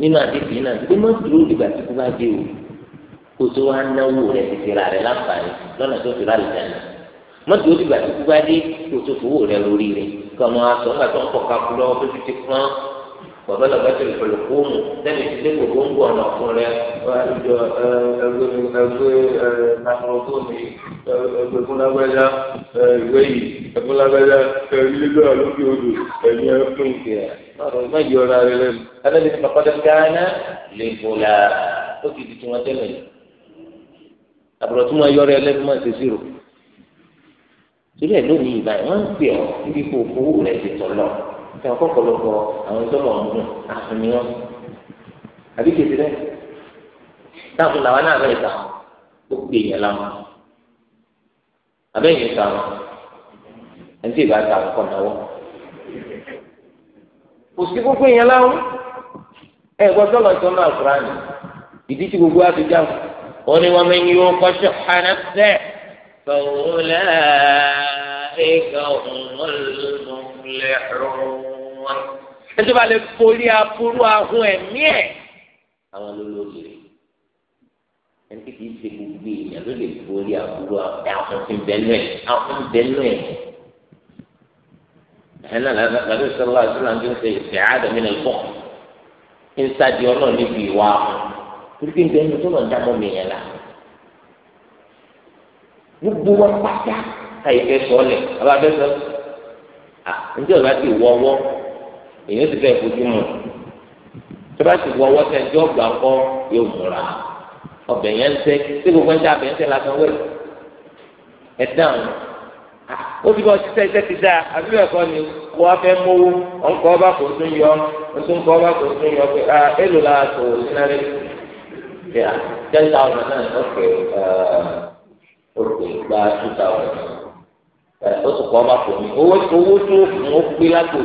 nínú àdébìí náà pé má dúró dìgbà tí kò bá dé o kó tó wá náwó rẹ̀ ti ra rẹ̀ láǹfààní lọ́nà tó fi rálẹ̀ dáná má dúró dìgbà tí kò bá dé kó tó fowó rẹ̀ lórí rẹ̀ kọ́ ọmọ asọ̀ nígbà tó ń pọ̀ kakú tó ti ti pọ́n وبلغت الحلقوم لم يسلكوا جنب ونقول محروسوني ẹgbẹ́kún lágbájá ìwé yìí ẹgbẹ́kún lágbájá ìlú àlókè odò ẹ̀mí ẹ̀fún ìkẹyà. mẹ́jọ ra rẹ lẹ́nu. adébí ti pàpàdé gánà lè bò la ó ti di tiwọn tẹ́lẹ̀ yìí. àbúrò tí wọ́n yọ rẹ lẹ́nu máa ṣe zero. sílẹ̀ lónìí ìbáyìí wọ́n ń pè ọ́ níbi kò kó rẹ̀ ti tọ̀ lọ ṣe àkọ́kọ́lọ́kọ́ àwọn ìjọba ọ̀gbìn àfihàn àbí kejì rẹ̀ táwọn làwọn náà bẹ̀rẹ̀ sàwọn ó gbé yẹn láwọn abẹ́yẹn sàwọn ẹni tí ì bá sàwọn kọ̀ náwó kò sí gbogbo yẹn láwọn ẹ gbọ́dọ̀ lọ sọ náà fúra ni ìdí tí gbogbo àti jáwọ́ ó ní wọn mẹ́yìn yóò kọ́ sí ọ̀hánà sẹ́ẹ̀ fọwọ́lá. أولئك هم المفلحون wọn ẹjọ́ bá lè forí aburú ahun ẹ̀mí ẹ̀ àwọn olólùfẹ́ rẹ̀ ẹni tí kìí ṣe gbogbo èèyàn ló lè forí aburú ahun ìbẹ̀lú ẹ̀ ahun ìbẹ̀lú ẹ̀ ẹ̀hẹ́n náà làbẹ́ sọ́lá àti làǹdí ń ṣe ìfẹ́ àdàmì náà pọ̀ ń sáàdì ọ̀nà níbi ìwà ahun torí pé ń bẹ́ẹ̀ ni tó lọ́ọ́ dábọ̀ mìíràn la gbogbo wọn pátá káyìí fẹ́ sọ́ọ̀lẹ̀ àbá fẹ́ sọ́ọ̀lẹ̀ à ń èyí ti fẹ́ fojú mu tó bá ti wọ ọwọ́ sẹ́ńtì ọgbà ńkọ́ yóò múra ọbẹ̀ yẹn ń tẹ́ tí gbogbo ń tẹ́ abẹ́ ń tẹ́ lásán wẹ̀ ẹ̀ dáhùn ó ti bọ́ ṣiṣẹ́ iṣẹ́ ti dáa àbí ẹ̀kọ́ ni kó wá fẹ́ mówó ọ̀nkọ́ ọba kò tún yọ ọ̀tún kọ́ ọba kò tún yọ pé à èlò la tó sínárì yà ten thousand náà ọ̀kẹ́ ọ̀kẹ́ gba two thousand ó kọ́ ọba kò ní owó owó tó fún ó pé láti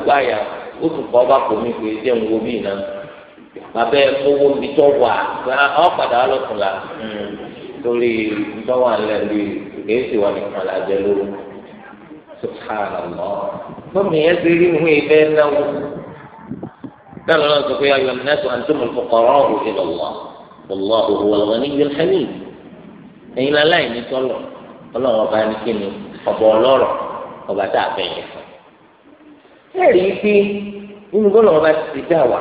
ó tún kọ́ bá kò mí pé jẹ́ ń wo bí iná bàbá ẹ kówó mi tọ́ wà ọ padà lọ́kùn la hmm. torí ntọ́wà ńlẹ̀ bí kèésì wà nìkan la jẹ lóru subhanallah fúnmi yẹn ti rí ìwé ìfẹ́ náwó náà lọ́nà sọ pé ayọ̀ nẹ́tọ̀ antumul fuqara'u ila Allah wallahu huwal ghaniyyul hamid ẹ̀yin láláì ní tọ́lọ̀ ọlọ́run ọba ní kíni ọ̀bọ̀ ọlọ́rọ̀ ọba tá a fẹ́ yẹn fún ẹ̀rí pé nínú bọ́ọ̀lù ọba ti ti dá wa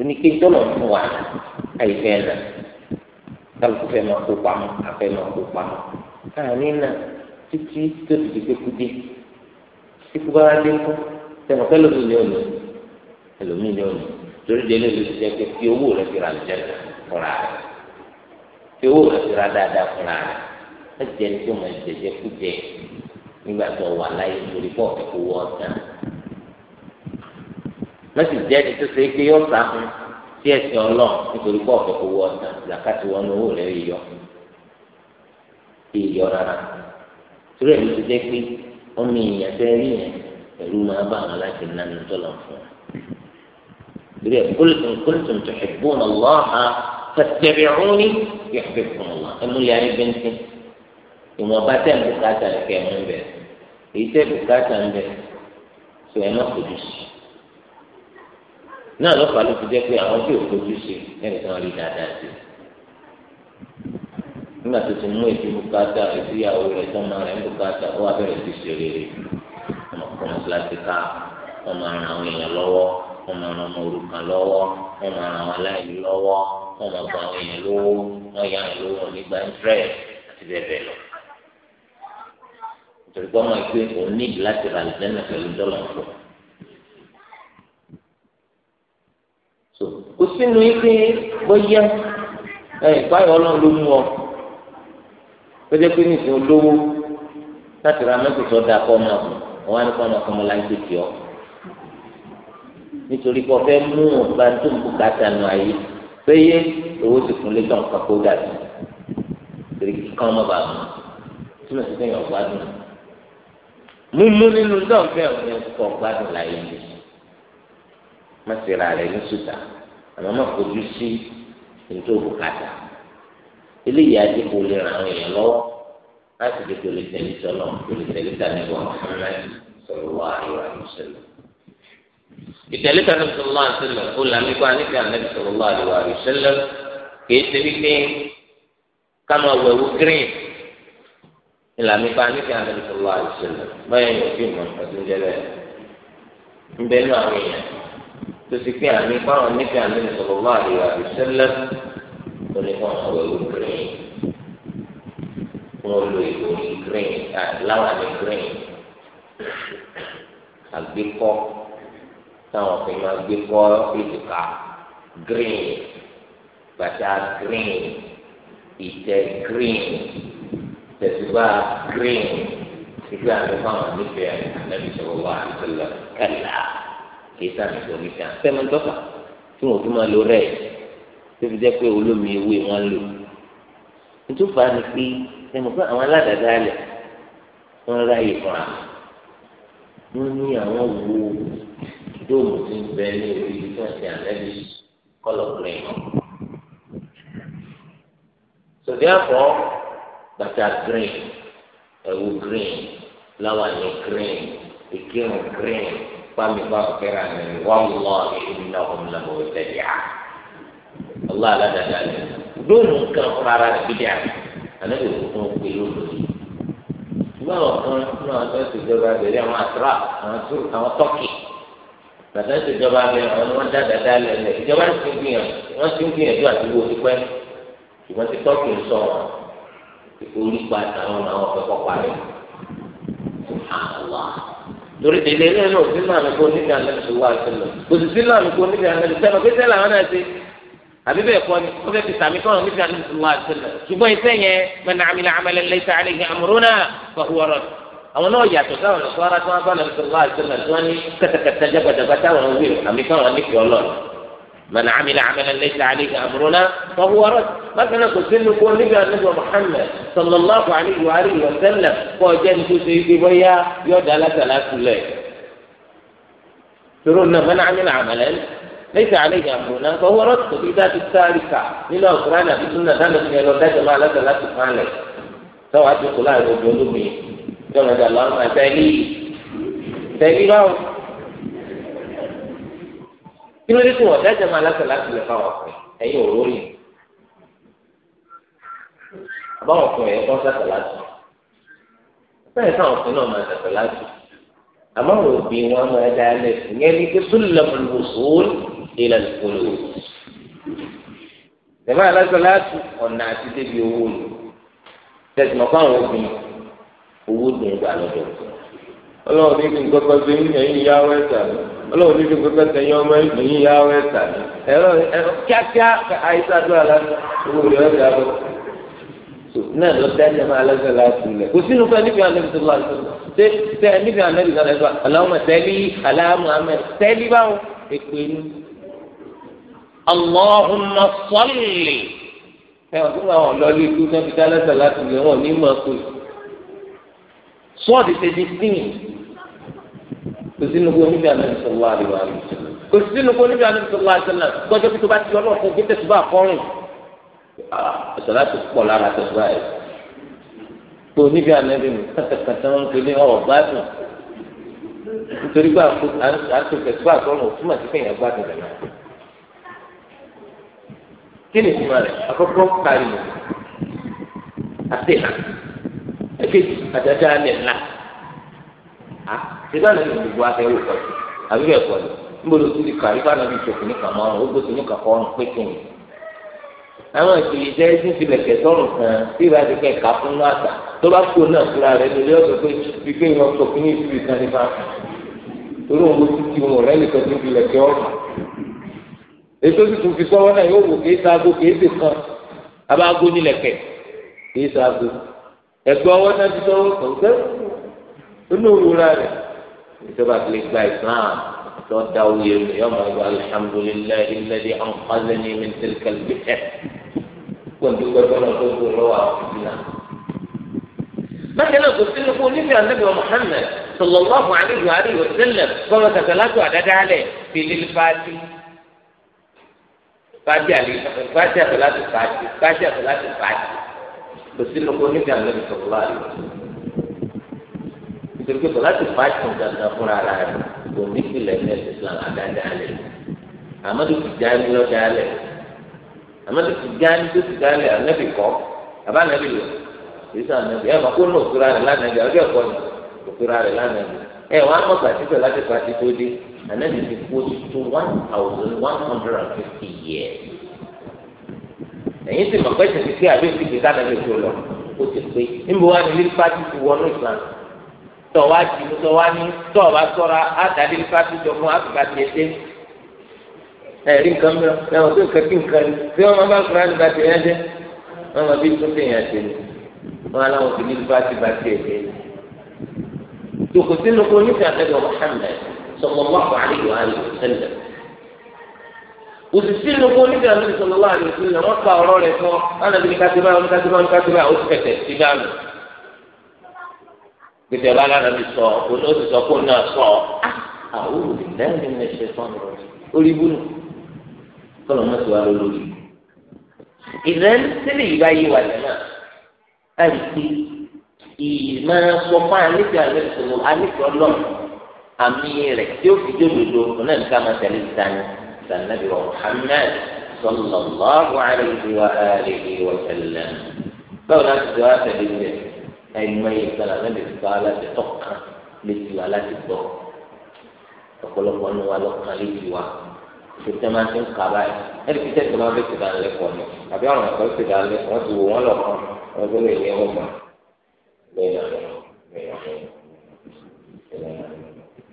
oníke tọ́lọ̀ fún wa àìfẹ́ náà kálukú fẹ́ máa kó pamọ́ àfẹ́ máa kó pamọ́ káàní náà títí tó ti di pékú dé ikú bá wá dé kú tẹ̀wọ̀n kẹ́lò mi ni òní kẹ́lò mi ni òní torí délé ló ti jẹ́ pé fi owó rẹ̀ fi ra lẹ́jẹ̀ fúnra rẹ̀ fi owó rẹ̀ fi ra dáadáa fúnra rẹ̀ ẹ jẹ́ ní tó máa jẹjẹ kú jẹ nígbà tó wà láyé torí pọ̀ kó wọ́ ọ̀tàn lọ́sì jẹ́ ẹni tó ṣe é pé yóò sàkún sí ẹ̀sìn ọlọ́run nítorí pé ọ̀fẹ́ kò wọ ọ̀tàn làkàtì wọn owó rẹ̀ yíyọ yíyọ rárá torí ẹ̀ ló ti jẹ́ pé ọmọ èèyàn fẹ́ rí yẹn ẹ̀rú máa bá wọn láti nánu tọ́lọ̀ fún wọn. torí ẹ̀ kúlùtùm kúlùtùm tó ọlọ́ha fẹ̀tẹ̀rẹ̀rúnni yóò fẹ́ fún ọlọ́ ẹmúlẹ̀ ayé bẹ́ńtì ìwọ̀nba tẹ̀ ń bùkátà ẹ̀kẹ́ mú bẹ̀ èyí tẹ̀ bùkátà ń bẹ̀ náà lọ́fà ló fi jẹ́ pé àwọn tí ò fojú sí ẹnì kan rí dáadáa sí nígbà tó ti mú ètò bùkátà ìdíyàwó rẹ̀ tó máa rẹ̀ ń bùkátà ó wá bẹ̀rẹ̀ sí ṣe rere ọmọkùnrin kíláàsì ká wọ́n máa ran àwọn èèyàn lọ́wọ́ wọ́n máa ran ọmọ òrukàn lọ́wọ́ wọ́n máa ran àwọn aláìní lọ́wọ́ wọ́n máa gba àwọn èèyàn lówó wọ́n yá àwọn lówó nígbà ìtírẹ̀ àti bẹ́ẹ̀ bẹ́ẹ̀ lọ. nítorí pé ọmọ ìgbé òun níbi láti ra àlùjẹ́nà pẹ̀lú dọ́là ọ̀pọ̀ so kò sínú ife bóyá ẹ̀yìn báyọ̀ ọlọ́run ló mú ọ pété pé ní ìsìn olówó láti ra mẹ́tòtò ọ̀dà kọ́ ọmọ àbùn wọn á ní kọ́ ọmọ ọmọ láì tètè ọ nítorí pé ọfẹ́ mú ọba tó ń bùkà sànù ayé péye owó ti kún létọ̀ nǹkan kó dàbí torí kíkan ọmọ bàbá mi tí mo ti fẹ́ yàn gbádùn mímú nínú dọ́ọ̀fẹ́ ọ̀hún yẹn kọ́ gbádùn láyé mi. má sera rẹ ní sùtà àmọ́ má fojú sí nítorí bùkátà eléyìí àti kò lè ràn àwọn èèyàn lọ́wọ́ láti lè tó lè tẹ̀lé sọlọ tó lè tẹ̀lé tàbí wọn Muhammad sọlọ wà ayọ̀ àyọ̀ sẹlẹ̀ ìtẹ̀lé tàbí sọlọ wà sẹlẹ̀ ó là nípa nípa ànábì sọlọ wà ayọ̀ àyọ̀ sẹlẹ̀ kì í ṣe wípé káma wẹ̀wù green ìlà nípa nípa ànábì sọlọ wà ayọ̀ sẹlẹ̀ báyẹn yóò fi mọ̀ ọdún jẹ́lẹ̀ ń bẹ́ẹ̀ ní àwọn èèyàn. tó ti pín àmì báwọn nífẹ̀ẹ́ àmì sọ̀rọ̀ wá àríwá àbí sẹ́lẹ̀ tó ní wọn sọ ìlú green wọn lo ìlú ní green láwọn ní green àgbékọ́ táwọn fi máa gbé kọ́ ìdùkà green bàtà green ìtẹ̀ green tẹ̀síwá green ìgbà àmì báwọn nífẹ̀ẹ́ àmì sọ̀rọ̀ wá àbí sẹ́lẹ̀ kẹlẹ́ kì í sàmì tó ní sàn fẹmẹtọfà tí wọn fi máa lo rẹ tó fi jẹ pé olómi ewé wọn lò ìtúfà ni pé sẹmu pé àwọn aládàáda alẹ wọn ráàyè fún àwọn wọn ní àwọn wo dóòmù tí ń bẹ ní orí tí wọn ti àlẹbí kọlọ green sọdí àpọ bàtà green ẹwù green láwàní green ìkírun green pàmì pàmì kẹrẹ àná ni wọn lọ ìnà ọmọlẹ mọ ìtẹlẹ à ọlọ aládàáda ni lónìí nǹkan fún ara rẹ bídẹ àná ànábì òkun pé lónìí ìgbà wọn kan náà wọn tẹsí ìjọba abẹ́rẹ́ àwọn àtúrà àwọn tó àwọn tọkì bàtà tó ìjọba abẹ́rẹ́ àwọn ni wọn dá dàda lẹlẹ ìjọba ti ń gbìyànjú wọn ti ń gbìyànjú àti wo ti pẹ ṣùgbọ́n ti tọkì ń sọ wọn orí pa àtàwọn àwọn ọkọ kọkọ rẹ subhanallah lórí délé ẹ náà sí náà nìkan nígbà náà ti wá sílẹ̀ kò sì sí náà nìkan nígbà náà ti sẹ́nu pété làwọn náà ti àbí bẹ́ẹ̀ kọ́ ni wọ́n fẹ́ fi sàmì kọ́ nígbà náà ti wá sílẹ̀ ṣùgbọ́n iṣẹ́ yẹn mẹ́ni àmìlẹ̀ àmàlẹ̀ lẹ́sẹ̀ àlẹ́ yẹn àmúrónà fàhùwọ́rọ̀ àwọn náà yàtọ̀ sáwọn ọ̀sán ara tí wọ́n bá náà ti wá sílẹ̀ tí wọ́n ní kẹtẹkẹtẹ jágbàdàgbà táwọn wí من عمل عملا ليس عليه امرنا فهو رد مثلا كنت يكون لك النبي محمد صلى الله عليه واله وسلم هو في سيدي بيا يدعى ثلاث ليل ترون من عمل عملا ليس عليه امرنا فهو رد في ذات الثالثه لما اخرانا في سنه ثالثه من الوداد ما لك لا تفعل سواء في قلائل وجنوبي كما قال الله تعالى تعالى kí ló dé tí wọ́n dájà máa lásán láti lè fa ọ̀fẹ́ ẹ̀yin ò lórí àbáwọn fún ẹ̀yẹ kọ́ sàtà láti bẹ́ẹ̀ táwọn fún náà máa sàtà láti àmọ́ àwọn òbí wọn máa dá ẹ lẹ́sìn yẹn ní kí sùlùmọ̀ lùsùn ìlànà ìpolówó tẹ̀mọ́ aláṣọláṣù ọ̀nà àti débi owó lò tẹ̀sí mọ̀ fáwọn obìnrin owó dùn gbà lọ́dọ̀ ọ̀gbìn ọlọ́run ní kí n kọ́kọ́ sí ẹ̀yìn ìyáwó ẹ̀sà ni ọlọ́run ní kí n kọ́kọ́ sí ẹ̀yìn ọmọ ẹ̀yìn ìyáwó ẹ̀sà ni ẹ̀rọ kíákíá àìsàdúrà lánàá owó rẹ̀ ọ̀dà bọ̀ náà lọ dájẹ́ máa lẹ́sẹ̀ láti ilẹ̀ kò sínú fẹ́ níbi àná ìṣòro àti ṣe tẹ níbi àná ìṣòro àti aláwọ̀mọ̀ tẹ́lí aláàmù amẹ́ tẹ́lí báwo èpè ní kò sínú kó níbi ànábi sọlá àdìwà rẹ kò sínú kó níbi ànábi sọlá àdìwà gbọ́dọ̀ kí tó bá ti ọlọ́run fún kí tẹsùbà kọrùn ọsọlá ti pọ̀ lára tẹsùbà yẹ kò níbi ànábi mi kàtàkàtà wọn pè ní ọ̀rọ̀ gbádùn nítorí pé àtò tẹsùbà kọrùn òtúmọ̀ sí kéèyàn gbádùn rẹ náà kí ni ìtumọ̀ rẹ àkọ́kọ́ kárí àti ìlà èkejì àdáda alẹ ńlá a ṣẹlẹ̀ náà ní gbogbo akẹwò kọjú àbí bẹ́ẹ̀ kọjú níbolo tún ti kà yípa náà bí ìṣòkò ní kàmọ ọrùn ó gbóso ní kàkọ ọrùn pékin àwọn ìṣòyè jẹ ẹsìn ìfilẹ kẹsọ ọrùn kan tí ìbá ti kẹka fún àtà tó bá kú náà fúnra rẹ̀ lórí ọsọ pé wípé ìwọn sọ fún yín síbi kan nípa torí òun ló ti ti wọn rẹ nìkan tó fi lẹkẹ ọrùn ètò tuntun fi sọwọ náà yóò wò kéésà ago kéésì kan abáago nílẹkẹ kéésà ago ẹgbẹ ọwọ́ náà ti sọwọ kọńtẹ nínú òrùra rẹ̀ ìjọba ti lè gba islam tó da oyè mi yọ máa gba alihamudulilayi ilẹ̀dí ànkálẹ́ni mi tẹ̀lifẹ̀lì bẹ́ẹ̀ kóńtù gbẹgbẹ́rún tó gbó lọ́wọ́ àwọn ìdílà. bákan náà kò sínú fún onífẹ́ anábìá muhammed sallallahu alayhi wa alihi wa sallam kọ́mọ kàkàlátù àdádálẹ̀ fìlílì fàájì fàájì àlè fàájì àkàlátù fàájì fàájì àkàlátù fàájì kò sínú fún onífẹ́ anábìá sallallahu alayhi wa sallam. nítorí pé bọ̀lá ti fàá tún dandan fúnra rà rẹ̀ kò ní ìpìlẹ̀ ní Islam àdáńdá lẹ̀ Amadu Tijani lọ́dá lẹ̀ Amadu Tijani tó ti dá lẹ̀ ànábì kọ́ àbá ànábì lọ èyí sàn ànábì ẹ̀ máa kó nù òkúra rẹ̀ lánàbì ọjọ́ ẹ̀kọ́ ni òkúra rẹ̀ lánàbì ẹ̀ wọ́n á mọ̀ pàtítọ̀ láti pàtí tó dé ànábì ti kó tó one thousand one hundred and fifty years ẹ̀yin sì mọ̀ pẹ́sẹ̀ ti pé àbí òfin kíkà ànábì tó lọ ó ti pé níbo wá ní lípá ti wọnú ìsàn tọ̀wá jìnnú tọ̀wá ní tọ̀wá sọ́ra àtàlẹ́ fásitì jọ fún àtùkà tiẹ̀ dé ẹ̀rí nǹkan mìíràn ẹ̀wọ̀n tó nǹkan kí nǹkan ni tí wọ́n máa bá fúnra ní bàtì yẹn dé wọ́n máa bí tún fèèyàn ṣe ni wọ́n á láwọn òfin ní bàtì bàtì ẹ̀ dé. tòkò sínú kó níta ẹ̀dọ̀ Muhammad sallallahu alaihi wa alihi wasallam. òṣìṣẹ́ inú kó níta ẹ̀dọ̀ sallallahu alaihi wasallam wọ́n fún ánàbí ní kátìbá ní kátìbá ní kátìbá ó ti gbèsè ọba alára ti sọ òun ó sì sọ kó náà sọ ah, àwọn olùdílẹ́yìn ní ẹ̀ṣẹ̀ fọ́nù orí búnú kọ́lọ̀ mọ́ sí wa lórí. ìrẹ́ sílẹ̀ ìgbà yìí wà lẹ́nà láì sí ìmọ̀ sọ fún àníkè àlẹ́sọ̀rọ̀ àníkè ọlọ́run àmì rẹ̀ tí ó fi jódodo ọ̀nà nǹkan máa tẹ̀lé ìdáni ìdánilábi wa Muhammad sallallahu alayhi wa alihi wa sallam báwo láti sọ wá tẹ̀lé àìmọye ìkàlà náà lè fi pa aláṣẹ tọkàn létí wa láti gbọ́ ọ̀pọ̀lọpọ̀ ní wa lọ́kàn létí wa ìṣèjọba máa ti ń kà báyìí ẹni tí tẹsán máa ń fẹsẹ̀ dá lẹ́kọ̀ọ́ ni àbí àwọn ẹ̀kọ́ fẹsẹ̀ dá lẹ́kọ̀ọ́ wọn ti wò wọn lọ́kàn wọn tó lè ní ẹwọn mọ lẹ́yìn àwọn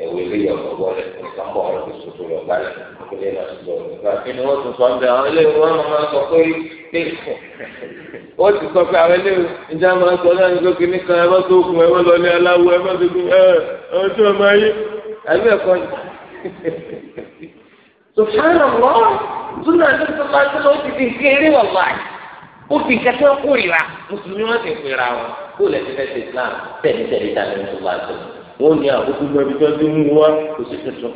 ẹwẹ ilé yọkọ bọ rẹ nǹkan bọ ọ̀rọ̀ tó sọtò lọ gbálẹ̀ ìpínlẹ̀ náà ti lọ nígbà tí wọn tún sọ ń bẹ máa sọ pé kéèkó ó ti sọ pé àwọn ilé ìjà máa ń sọ náà nígbà kí nìkan ẹ bá tó kù ẹ bá lọ ní aláwo ẹ bá tó kù ẹ ọ tó ẹ máa yé àbí ẹ̀kọ́ ni. subhanallah sunna nípa láti lọ ti di kéré wàlá ó fi kẹsẹ́ kórìíra mùsùlùmí wọn ti kórìíra wọn kó lẹ́sìn fẹ́ẹ́ islam tẹ̀lé tẹ̀lé tàbí mùsùlùmí wọn ni àwọn kúkú mọ ibi tó ń mú wa kò sí tuntun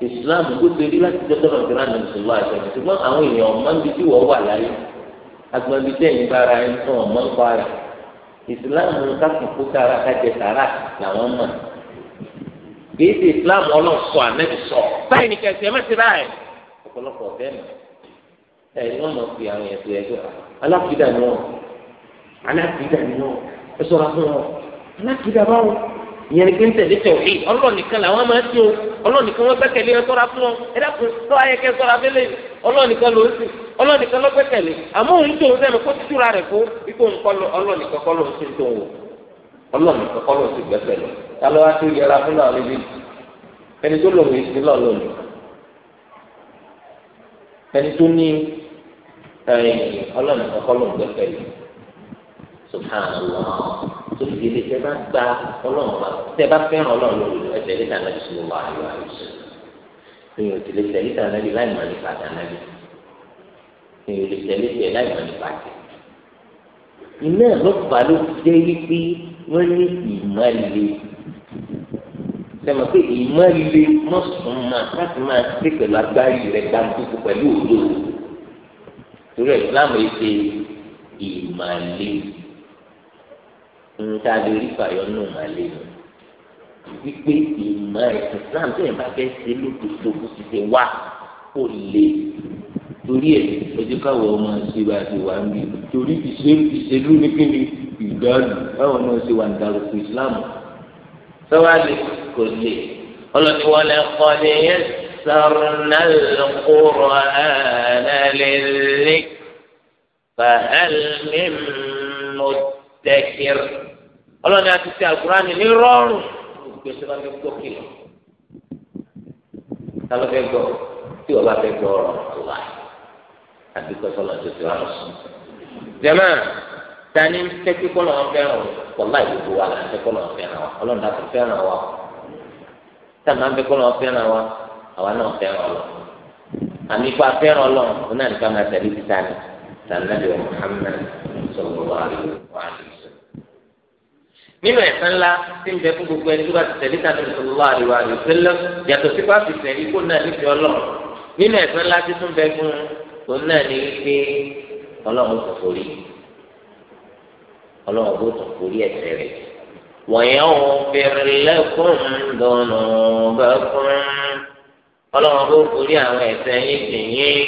islam kó ṣe rí láti jẹ́ tọ́lọ̀ ìgbà náà mùsùlùmá àṣẹ ṣùgbọ́n àwọn èèyàn ọ̀mọ́ níbi tí wọ́n wà láyé agbọ̀nbi tẹ̀yìn bára ẹni tó ọ̀mọ́ ń pa rẹ̀ islam káfíń kó kára kájẹ sàrà làwọn mọ̀ kìí ṣe islam ọlọ́sọ̀ ànẹ́bí sọ báyìí ni kẹsì ẹ mẹ́sì báyìí ọ̀pọ̀lọpọ̀ ọ̀fẹ́ mi ẹ̀ ní wọ́n mọ̀ fi àwọn yẹn tó yẹ kó alákìdá ni wọ́n alákìdá ni wọn alákìdá báwọn ìyẹn ni pé ń tẹ̀lé tẹ̀ òye ọlọ́ọ̀ nìkan làwọn máa ti o ọlọ́ọ̀ nìkan wọ́n gbẹ́kẹ̀lé ẹ sọ́ra fún ọ ẹ dákun tó ayẹkẹ sọ́ra fẹ́lẹ̀ ọlọ́ọ̀ nìkan ló ń sìn ọlọ́ọ̀ nìkan ló gbẹ́kẹ̀lé àmọ́ òun tó ń sẹ́mi kó túra rẹ̀ kó ikú ọlọ́ọ̀ nìkan kọ́ ló ń sìn tó ń wò ọlọ́ọ̀ nìkan kọ́ ń sìn gbẹ́kẹ̀lé torí ìdílé tẹ bá gba ọlọ́run bá tẹ bá fẹ́ràn ọlọ́run lórí ẹsẹ̀ lẹ́tà náà ti wà ayọ̀ ayọ̀ sí i èèyàn ti lè tẹ̀lé tà náà láì mọ̀ nípa àtà náà èèyàn lè tẹ̀lé tẹ̀ láì mọ̀ nípa àtà iná ọlọ́pàá ló dé wípé wọ́n ní ìmọ̀lẹ́ sẹ́mi pé ìmọ̀lẹ́ mọ̀sùnmá láti máa ṣe pẹ̀lú agbárí rẹ̀ gbàdúgbò pẹ̀lú òdo torí ìsìláàmù nta lè rí fàyọ nù má lè nù wípé ìmọ̀ ẹ̀sìn Islam tó yẹn bá fẹ́ ṣe lódodo kó ti ṣe wá kó lè torí ẹ̀ ẹjọ́ káwọ́ ọmọ ṣe bá ti wà ń bì torí ìṣèlú ní kíni ìdánù báwọn náà ṣe wà ń darúkọ Islam sọ́wọ́n kò lè ọlọ́ni wọn lè kọ́ ni yẹn sọ̀rọ̀nà lọ́kùrọ̀ àná lè lè fàhálì ọlọ́ni àti ti àgùránì ní rọrùn gbèsè bá fẹ́ gbọ́ kìlọ̀ ta ló fẹ́ gbọ́ tí wọ́n bá fẹ́ gbọ́ ọ̀rọ̀ tó wà àdúgbò sọlọ tó ti wà lọ́sùn. jẹ́mọ́ ta ni tẹ́tí kọ́ lọ́wọ́ fẹ́ràn o wọ́lá ìdìbò wa là ń tẹ́kọ́ lọ́wọ́ fẹ́ràn wa ọlọ́run dàpọ̀ fẹ́ràn wa tá a máa ń tẹ́kọ́ lọ́wọ́ fẹ́ràn wa àwa náà fẹ́ràn lọ. àmì ipa fẹ́ràn lọ Muhammad sọ̀rọ̀ nínú ẹ̀sán ńlá tí ń bẹ fún gbogbo ẹni tó bá ti tẹ̀lé tàbí ìṣòwò àríwá rẹ̀ tẹ́lẹ̀ yàtọ̀ sí bá fi tẹ̀lé kó náà nífẹ̀ẹ́ ọlọ́run nínú ẹ̀sán ńlá tí tún bẹ fún tó náà ní pé ọlọ́run kò forí ọlọ́run kò tún forí ẹ̀ṣẹ̀ rẹ̀ wọ̀nyẹn ò fèrè lẹ́kùn dọ̀nà bẹ́ fún ọlọ́run kò forí àwọn ẹ̀ṣẹ̀ yín sì yín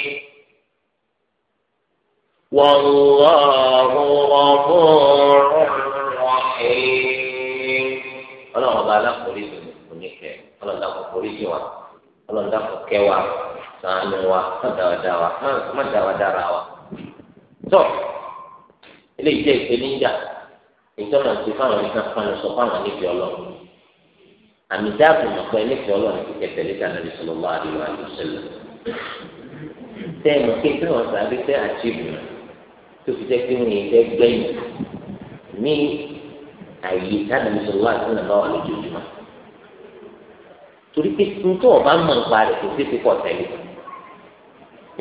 wọ́n lọ́ọ́ ọlọ́run ọba aláforíjì oníkẹ́ ọlọ́run dàpọ̀ foríjì wa ọlọ́run dàpọ̀ kẹ́ wa sànù wa má dáradára wa. tó eléyìí jẹ́ ìpèníjà ìtọ́nà ti fáwọn nípa fáwọn sọ fáwọn níbi ọlọ́run àmì dáàbò nàpọ̀ níbi ọlọ́run ti kẹ̀tẹ̀ lẹ́tà nàbí sọlọ́wọ́ àdìrò àdìsẹ́lẹ̀ tẹ́ ẹ̀ mọ̀ kí tí wọ́n sàbí tẹ́ àtìbù tó fi jẹ́ kí wọ́n yẹn jẹ́ gbẹ̀yìn ní àyè táwọn ẹni sọ̀rọ̀ àti ọ̀nà bá wà lójoojúmọ́ torí pé ntọ́ ọba ń mọ̀ nípa rẹ̀ kò sí ti pọ̀ tẹ́lẹ̀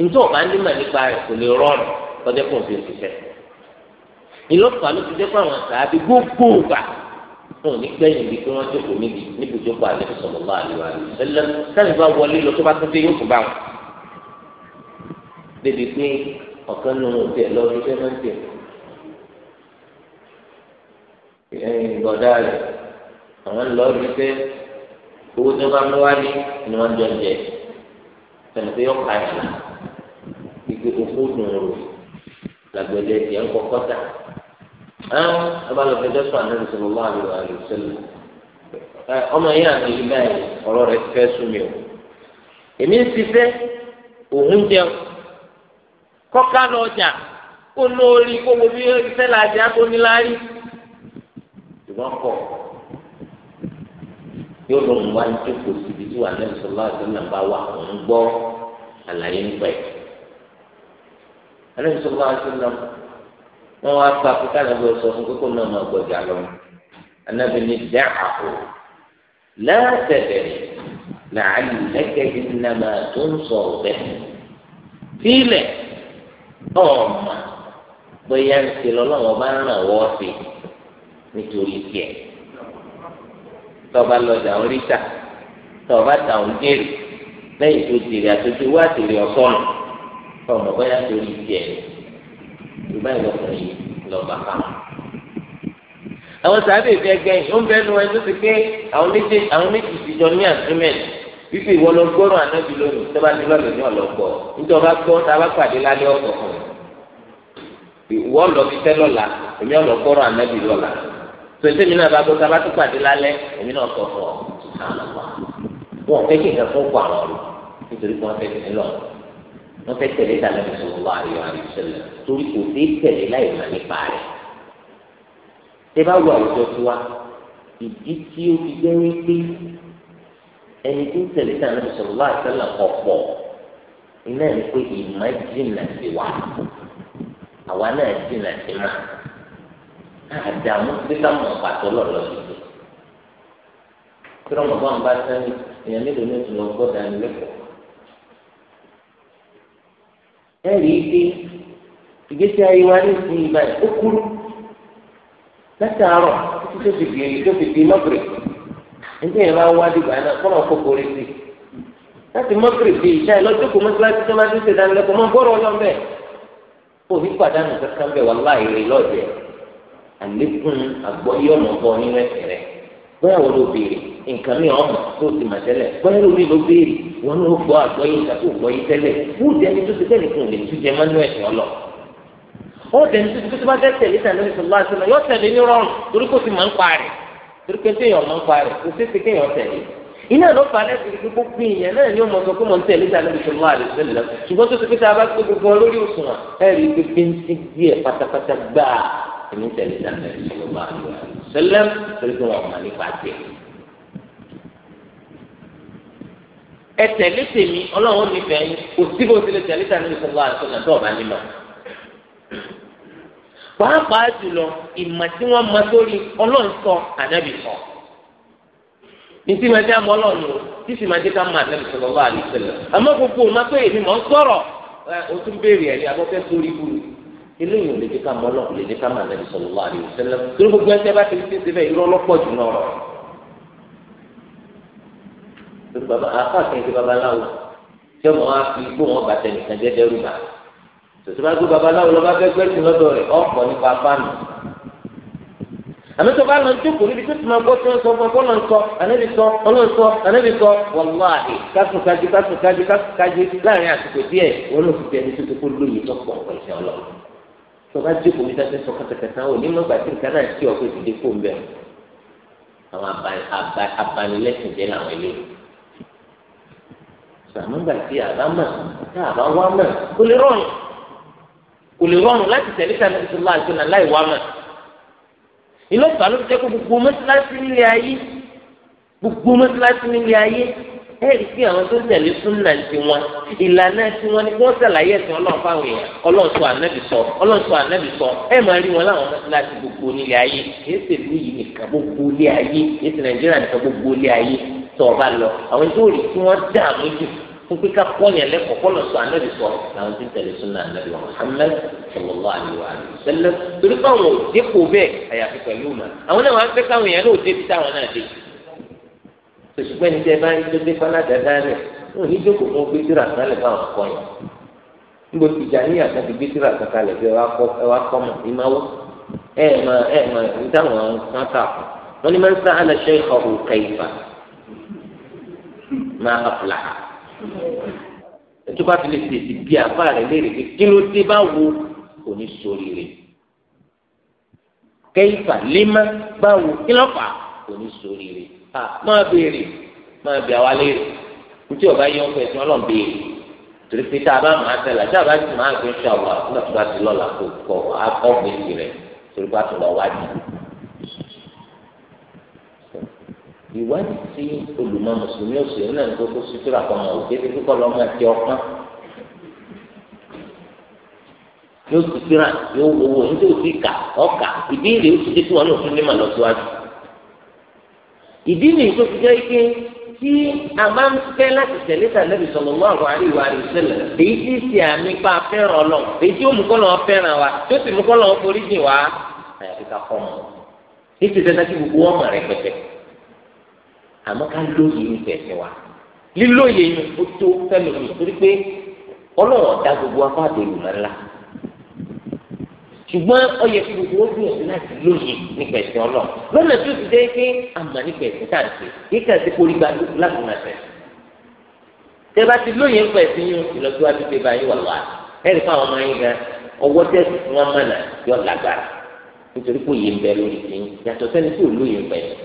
ntọ́ ọba ń dímọ̀ nípa rẹ̀ kò lè rọrùn kọjá kó n fi òṣìṣẹ́ ìlọ́pàá ló ti dẹ́kun àwọn sàábì gbogbo ògbà wọn ò ní gbẹ̀yìn bí pé wọ́n jókòó níbi níbi ìjókòó àlẹ́ sọ̀rọ̀ àlùwà ẹlẹ́ sẹ́ni bá wọlé lọ tó bá tún dé yóò tún bá wọn débi pé ọ̀kan nínú òbí ẹ̀ lọ́ọ́ ìgbọ̀dá rẹ̀ àwọn lọ rí pé owó tó bá mú wá ní ni wọ́n jọ jẹ ẹni pé yọ ká ìlà ike òkú dùn rò làgbẹ̀dẹ tiẹ̀ ń kọ́kọ́ tà àwọn ọba lọ fẹjọ́ sọ àná ìṣòro wà lọ àlùsẹ́lẹ̀ ọmọ yẹn àti ìgbà yẹn ọ̀rọ̀ rẹ̀ fẹ́ sún mi o èmi ń ṣiṣẹ́ òun jẹun kọ́ká lọ ọjà kó lórí kó wo bí iṣẹ́ làjà kó ní láárí. ṣùgbọ́n pọ̀ yóò lọ mú wa ní jókòó síbi tí wà lẹ́nu sọlá àti nàbà wa òun gbọ́ àlàyé nípa ẹ̀. alẹ́ sọlá àti nàbà wọn wá pa pé káàdàbọ̀ sọ fún kókó náà máa gbọ̀dọ̀ na anábì ní làálù tó ń sọ ọ̀bẹ ọ̀ọ́mà bóyá ń ṣe bá ń ràn sí i. nítorí tiẹ̀ tọba lọjà ń rí ta tọba ta ń jèrè lẹ́yìn tó jèrè àtúntò wá jèrè ọsọnù tọmọ bóyá torí tiẹ̀ ìgbà ìlọkùnrin yìí lọba ká àwọn sábẹ́ ìfẹ́ gẹ́yìn ó ń bẹ́ẹ̀ nu ẹni tó ti pé àwọn méjì àwọn méjì ti jọ ní àtúmẹ̀lì fífi ìwọ lọ gbọ́rọ̀ ànábi lónìí tó bá ti lọ́dọ̀ ní ọ̀lọ́gbọ́ nítorí ọba gbọ́ tá a pàdé lálẹ́ ọ̀pọ̀ kan ìwọ lọ fi tẹ́ lọ́la èmi ọ̀lọ́gbọ́rọ̀ ànábi lọ́la pèsè mi náà bá gbọ́ sábà tó pàdé lálẹ́ èmi náà sọ fún ọ wọn fẹ́ kí nǹkan fún kọ àwọn ọ̀rọ̀ nítorí pé wọ́n fẹ́ tẹ̀lé lọ wọ́n fẹ́ tẹ̀lé tàbí ìṣòro wa àríwá àríwá ṣẹlẹ̀ torí kò sí tẹ̀lé láì mà nípa rẹ̀ tẹ bá wọ àwùjọ tí wa ìdí tí ó fi jẹ́ wípé ẹni tí ń tẹ̀lé tàbí ìṣòro wa àṣẹlẹ̀ ọ̀pọ̀ iná ẹ̀ ń pè ìmọ̀ jìnnà àwa náà jìnnà sí máa àdàmú bí ká mọ̀ pàtó lọ́lọ́ dìbò kí lọ́mọ bá ń bá sẹ́ni èèyàn mélòó ní ìtumọ̀ gbọ́dọ̀ ẹni lẹ́kọ̀ọ́ ẹ rí i pé ìgbésí ayé wa ní ìsìn ìgbà ó kúrú látàárọ̀ títí tó fi gbèrè tó fi di mọ́gìrì nígbà yẹn bá wá dìgbà náà kọ́ lọ́ọ́ kókó rẹ̀ sí láti mọ́gìrì di ìṣá ìlọ́jọ́ kò mọ́sálásí tó máa dé ṣèdánilẹ́kọ̀ọ́ mọ́ bọ́ọ̀rọ̀ ọlọ́ọ̀bẹ̀ àlékún àgbọ́yé ọ̀nà bọ nínú ẹ̀sẹ̀ rẹ̀ bóyá wọn ló béèrè nǹkan mi ọmọ tó ti mà tẹ́lẹ̀ bóyá lómi ló béèrè wọn ló gbọ́ àgbọ́yé nǹkan tó gbọ́yé tẹ́lẹ̀ wúùdì ẹni tó ti tẹ́lẹ̀ fún lè tún jẹ mọ́nú ẹ̀sẹ̀ ọlọ. wọ́n tẹ̀lé tó ti tó ti bá tẹ́lẹ̀ tẹ̀lé tẹ̀lé sọ̀lá sọ̀lá yọ tẹ̀lé ní rọrùn torí kò ti máa ń pa rẹ̀ torí pé téèyàn máa ń pa rẹ̀ kò sí ti kéèyàn tẹ̀lé iná ló fa alẹ́ kiri gbogbo pin yẹn náà ni ó mọ̀ sọ pé mo ń tẹ̀lé ta níbi sọ̀rọ̀ àlè tó ti pété abá gbé gbogbo lórí òṣùwọ̀n ẹ̀rí gbé gbé ń sí díẹ̀ pátápátá gbáà ní tẹ̀lé dáná ìṣòro máa lò ẹ̀ sẹlẹ̀m torí pé wọn mọ̀ nípa tiẹ̀. ẹ tẹ̀lé tèmi ọlọ́run nífẹ̀ẹ́ yín kò sí bó tilẹ̀ tẹ̀lé dáná ìṣòro àti ọ̀nà tó ọ̀bá nímọ̀. pàápàá jùlọ ìmọ̀ tí wọ́n mọ sórí ọlọ́run sọ ànábì sọ. ní tí màá dé àmọ́ ọlọ́run o tí sì máa dé ká mọ ànábì sọ̀rọ̀ wá àlùsẹ̀lẹ̀ àmọ́ gbogbo eléyìí ò lè dé ká mọ lọ lè dé ká mọ àlẹ́ sallallahu alaihi wasallam torí gbogbo ẹsẹ̀ bá ti fi ṣe bẹ́ẹ̀ irọ́ lọ́pọ̀ jù náà rọ̀ baba afa kẹntẹ babaláwo tí ọmọ wa fi gbó wọn bàtẹ nìkan jẹ dẹrù bá tòtò bá gbó babaláwo lọ bá fẹ gbẹsùn lọ́dọ̀ rẹ̀ ọkọ nípa fáànù àmọtọ bá lọ ń jókòó níbi tó ti máa gbọ́ tó ń sọ fún ọkọ lọ ń sọ ànábi sọ ọlọ́run sọ ànábi sọ wàláhì kásùn kájú kásùn kájú kásùn kájú láàrin àsìkò díẹ̀ wọn lọ fi bẹni tó tó kó lóye tó pọ̀ pẹ̀lú ọlọ́run tọba jókòó ní sáfẹ́ sọ kàtàkàtà wò ní mọ́gbà tí nǹkan náà tí ọ̀pẹ ìdílé kò ń bẹ̀ àwọn abanilẹ́sìn jẹ́ làwọn ilé sàmúgbà tí àbámọ̀ tá àbá wá mọ̀ kò lè rọrùn kò lè rọrùn láti tẹ̀lé sàmì ìṣúná àti ọ̀nà láì wá mọ̀ ìlọ́pàá ló ti jẹ́ kó gbogbo mọ́tíláṣí nílé ayé gbogbo mọ́tíláṣí nílé ayé ẹ̀rí pé àwọn tó tẹ̀lé súnà tiwọn ìlànà tiwọn ni wọ́n sàlàyé ẹ̀sìn ọlọ́run fáwọn èèyàn ọlọ́run sọ ànábì sọ ọlọ́run sọ ànábì sọ ẹ̀ máa rí wọn láwọn láti gbogbo nílé ayé kìí ṣe ìlú yìí nìkan gbogbo ilé ayé kìí ṣe nàìjíríà nìkan gbogbo ilé ayé tó ọba lọ àwọn tó rí tí wọ́n dààmú jù fún pé ká kọ́ yẹn lẹ́kọ̀ọ́ kọ́ lọ sọ ànábì sọ làwọn ti tẹ̀lé súnà ànábì wa Muhammad sallallahu alayhi wa sallam torí pé àwọn òdekò bẹ́ẹ̀ àyàfi pẹ̀lú mà àwọn náà wọ́n á fẹ́ káwọn yẹn náà bí táwọn náà dé sòṣùpẹ́ ní tẹ́ bá ń tó dé fọlá dáadáa rẹ̀ náà ní jókòó fún gbé tíra kan lè fáwọn kọ́ yẹn níbo ti jà ní àtàkì gbé tíra kan kalẹ̀ fẹ́ wá kọ́ mọ̀ ìmáwó ẹ̀ mọ̀ ẹ̀ mọ̀ ní táwọn kan kà fún wọn ni máa ń sá aláṣẹ ìkọ̀wé kẹfà máa àfúlà ẹtú bá fi lè tètè bí àbá rẹ léèrè pé kí ló dé bá wo kò ní sórí rẹ kẹfà lé má bá wo kí ló fà kò ní sórí rẹ à máa béèrè máa bẹ àwa léèrè ntí ọba yọ ọkọ ẹsìn Ọlọ́run béèrè torí pé tá a bá máa tẹlẹ tá a bá ti máa gbé ṣọ àwọn àkókò tó bá ti lọlá kó kọ ọgbẹsì rẹ torí pé a tún lọ wájú. ìwádìí tí olùmọ̀ mùsùlùmí òṣèlú náà ń gbogbo sutura kan mọ òkèèrè kíkọ lọ máa ti ọkàn yóò sutura yóò wọwọ nítorí òfin ọkà ìbéèrè ó ti dé kí wọn náà fún ní màlọ síwájú ìdí nìyí tó fi jẹ́ ike tí a máa ń fẹ́ láti tẹ̀lé tàlẹ́bí sallallahu alaihi wa sallam èyí tí ṣe àmì pa fẹ́ràn ọlọ́run èyí tí ó mú kọ́lọ́ fẹ́ràn wa tó sì mú kọ́lọ́ forí jìn wá àyàfi ká fọ́ mọ́ ní ti dandan kí gbogbo wọn mọ̀ rẹ pẹpẹ àmọ́ ká lóye ní tẹ̀sí wa lílóye ni ó tó fẹ́mi mi torí pé ọlọ́run ọ̀dá gbogbo afáàdé ìlú ńlá ṣùgbọ́n ó yẹ kí gbogbo ojú ẹ̀sìn láti lóye nípa ẹ̀sìn ọlọ́run lọ́nà tó ti jẹ́ pé àmà nípa ẹ̀sìn tá à ń ṣe kíkà sí kórì gba láti máa tẹ̀. tẹ́ bá ti lóye nípa ẹ̀sìn yín ìlọsíwájú pé báyìí wà wá ẹ̀rí fún àwọn ọmọ yín gan ọwọ́ tẹ̀sí fún wọn mọ̀nà yọ lágbára nítorí pé òye ń bẹ lórí ti yín yàtọ̀ sẹ́ni tí ò lóye nípa ẹ̀sìn.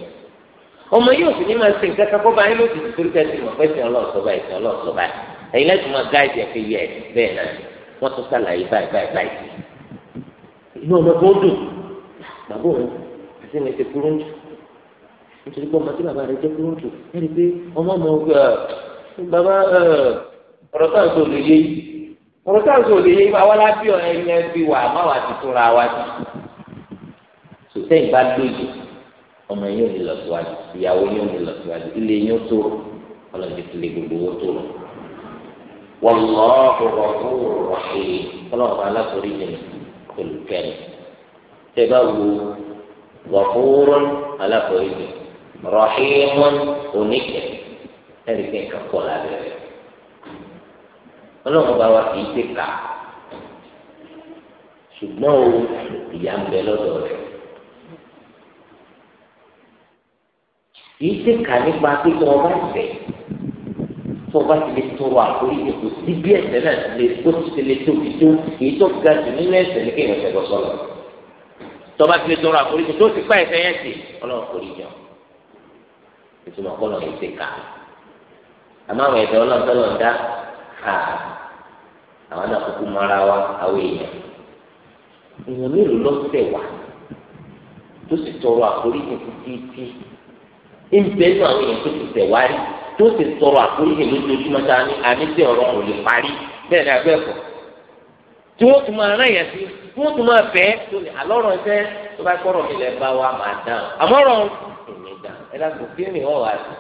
ọmọ yóò sì ní máa ṣe nǹkan kan inú ọmọ kan dùn bàbá òun àti ẹnì ti kúrú ń jù nítorí pé ọmọ tí bàbá rẹ jẹ́ kúrú ń jù ẹni pé ọmọ ọmọ bàbá ọ̀rọ̀ táwọn tó lè yé yìí ọ̀rọ̀ táwọn tó lè yé yìí àwa láti ẹni ẹbí wà má wà ti túnra wa jù sòtẹ́yìn bá lóye ọmọ yìí ò ní lọ síwájú ìyàwó yìí ò ní lọ síwájú ilé yìí ó tó ọlọ́dún ti lè gbogbo owó tó wọ́n lọ́ọ́ kó rọ̀ rọ̀ ṣe ọlọ́run olùkẹ́ni tẹ bá wo wàhúrún alákòóyè rọ̀hìmún oníkẹ́ ẹ̀rí pé nǹkan pọ̀ lábẹ́ rẹ̀ ọlọ́run bá wa kì í ṣe kà ṣùgbọ́n o ìyá ń bẹ lọ́dọ̀ rẹ̀ kì í ṣe kà nípa pé kí wọ́n tó bá ti lè tọrọ àforíjì kò sí bí ẹ̀ṣẹ̀ náà ti lè tó ti lè tóbi tó èyí tó ga jù nínú ẹ̀ṣẹ̀ ní kéèyàn ṣẹlẹ̀ sọlọ tó bá ti lè tọrọ àforíjì tó ti pa ẹ̀ṣẹ̀ yẹn sí Ọlọ́run foríjì ọ ìtumọ̀ kọ́ lọ́ọ́ ètè ká àmọ́ àwọn ẹ̀ṣẹ̀ Ọlọ́run tó lọ́ọ́ dá ha àwọn náà kúkú mara wa àwọn èèyàn èèyàn mélòó lọ́sẹ̀ wà tó sì tọrọ àforíjì títí ń bẹ́ẹ̀ náà àwọn èèyàn tó ti tẹ̀ wá rí tó sì sọ̀rọ̀ àforíjì lójoojúmọ́ tá a ní àníṣe ọ̀rọ̀ kò lè parí bẹ́ẹ̀ ni abẹ́ ẹ̀kọ́ tí wọ́n tún máa rán yẹn sí tí wọ́n tún máa bẹ́ tó ní àlọ́rọ̀ ẹ̀fẹ́ tó bá kọ́rọ̀ mi lẹ́ bá wa máa dán àmọ́rọ̀ ẹ̀mí dán ẹ dàgbọ́ kí ni wọ́n wà sí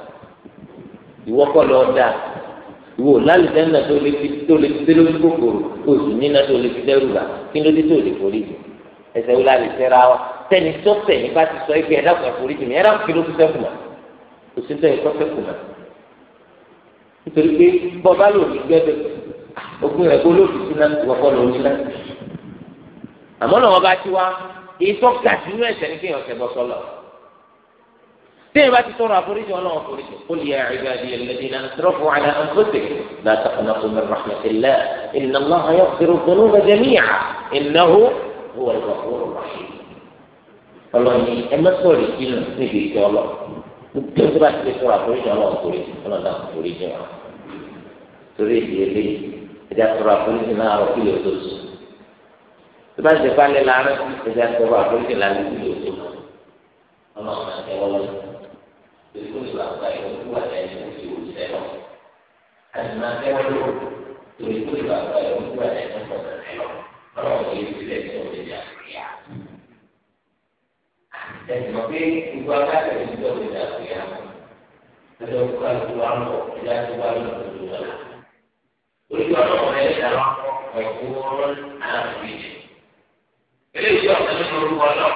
ìwọ kọ́ lọ dá ìwọ lálùjẹ́ náà tó lè fi tó lè fi dé lórí kòkòrò oṣù nínà tó lè fi dẹ́rù bá kí ló dé tó lè forí jù ẹsẹ̀ wo lálẹ́ sẹ́ra wa tẹ́ni tó tẹ̀ nípa ti sọ ẹgbẹ́ ẹ̀dá kan forí jù mí ẹ̀dá kí ló fi sẹ́kù mọ́ òṣìṣẹ́ ìkọ́sẹ́kù mọ́ nítorí pé bọ́ọ̀bá lò ní gbẹ́dẹ̀ ogún rẹ̀ kó lòdì sí náà wọ́pọ̀ lòdì sí náà àmọ́ náà wọ́n bá ti wá ètò gàdí inú ẹ̀sẹ̀ ní kéèyàn ṣẹ̀ bọ́ sọ́lọ̀ téèyàn bá ti tọrọ àforíjì ọlọ́run àforíjì ó lè yà ẹ̀gbẹ́ àdìyẹ lẹ́dínà tẹ́lọ̀fù àlẹ́ àǹfọ̀tẹ̀ láti ọ̀nà tó mẹ́rin rahmatillah iná lọ́ ayọ́ fẹ́rẹ́ ògbónú gbẹdẹ níyà iná hó wọ́n ìgbà fún gbogbo tó bá ti lè fún àforíjì ọlọ́run foríjì ọlọ́run náà foríjì wọn torí èdè eléyìí ẹ̀dá sọ̀rọ̀ àforíjì náà rọ kílè oṣooṣù tó bá ti falẹ̀ láàárọ̀ ẹ̀dá sọ̀rọ̀ àforíjì náà rọ kílè oṣooṣù ọlọ́run náà tẹ́ lọ́wọ́ ẹ̀sìn pé ìgbà aláṣẹ ti tọ́ lè dà sí ya lọ́jọ́ kó ká lóko wà lọ ìdá tó wà lọ lóko wà lọ. oríṣi ọ̀nà ọ̀rẹ́ ìdáwọ́ ọ̀gbọ́n àrùn ìjì. eléyìí ọ̀sán nínú orúkọ náà.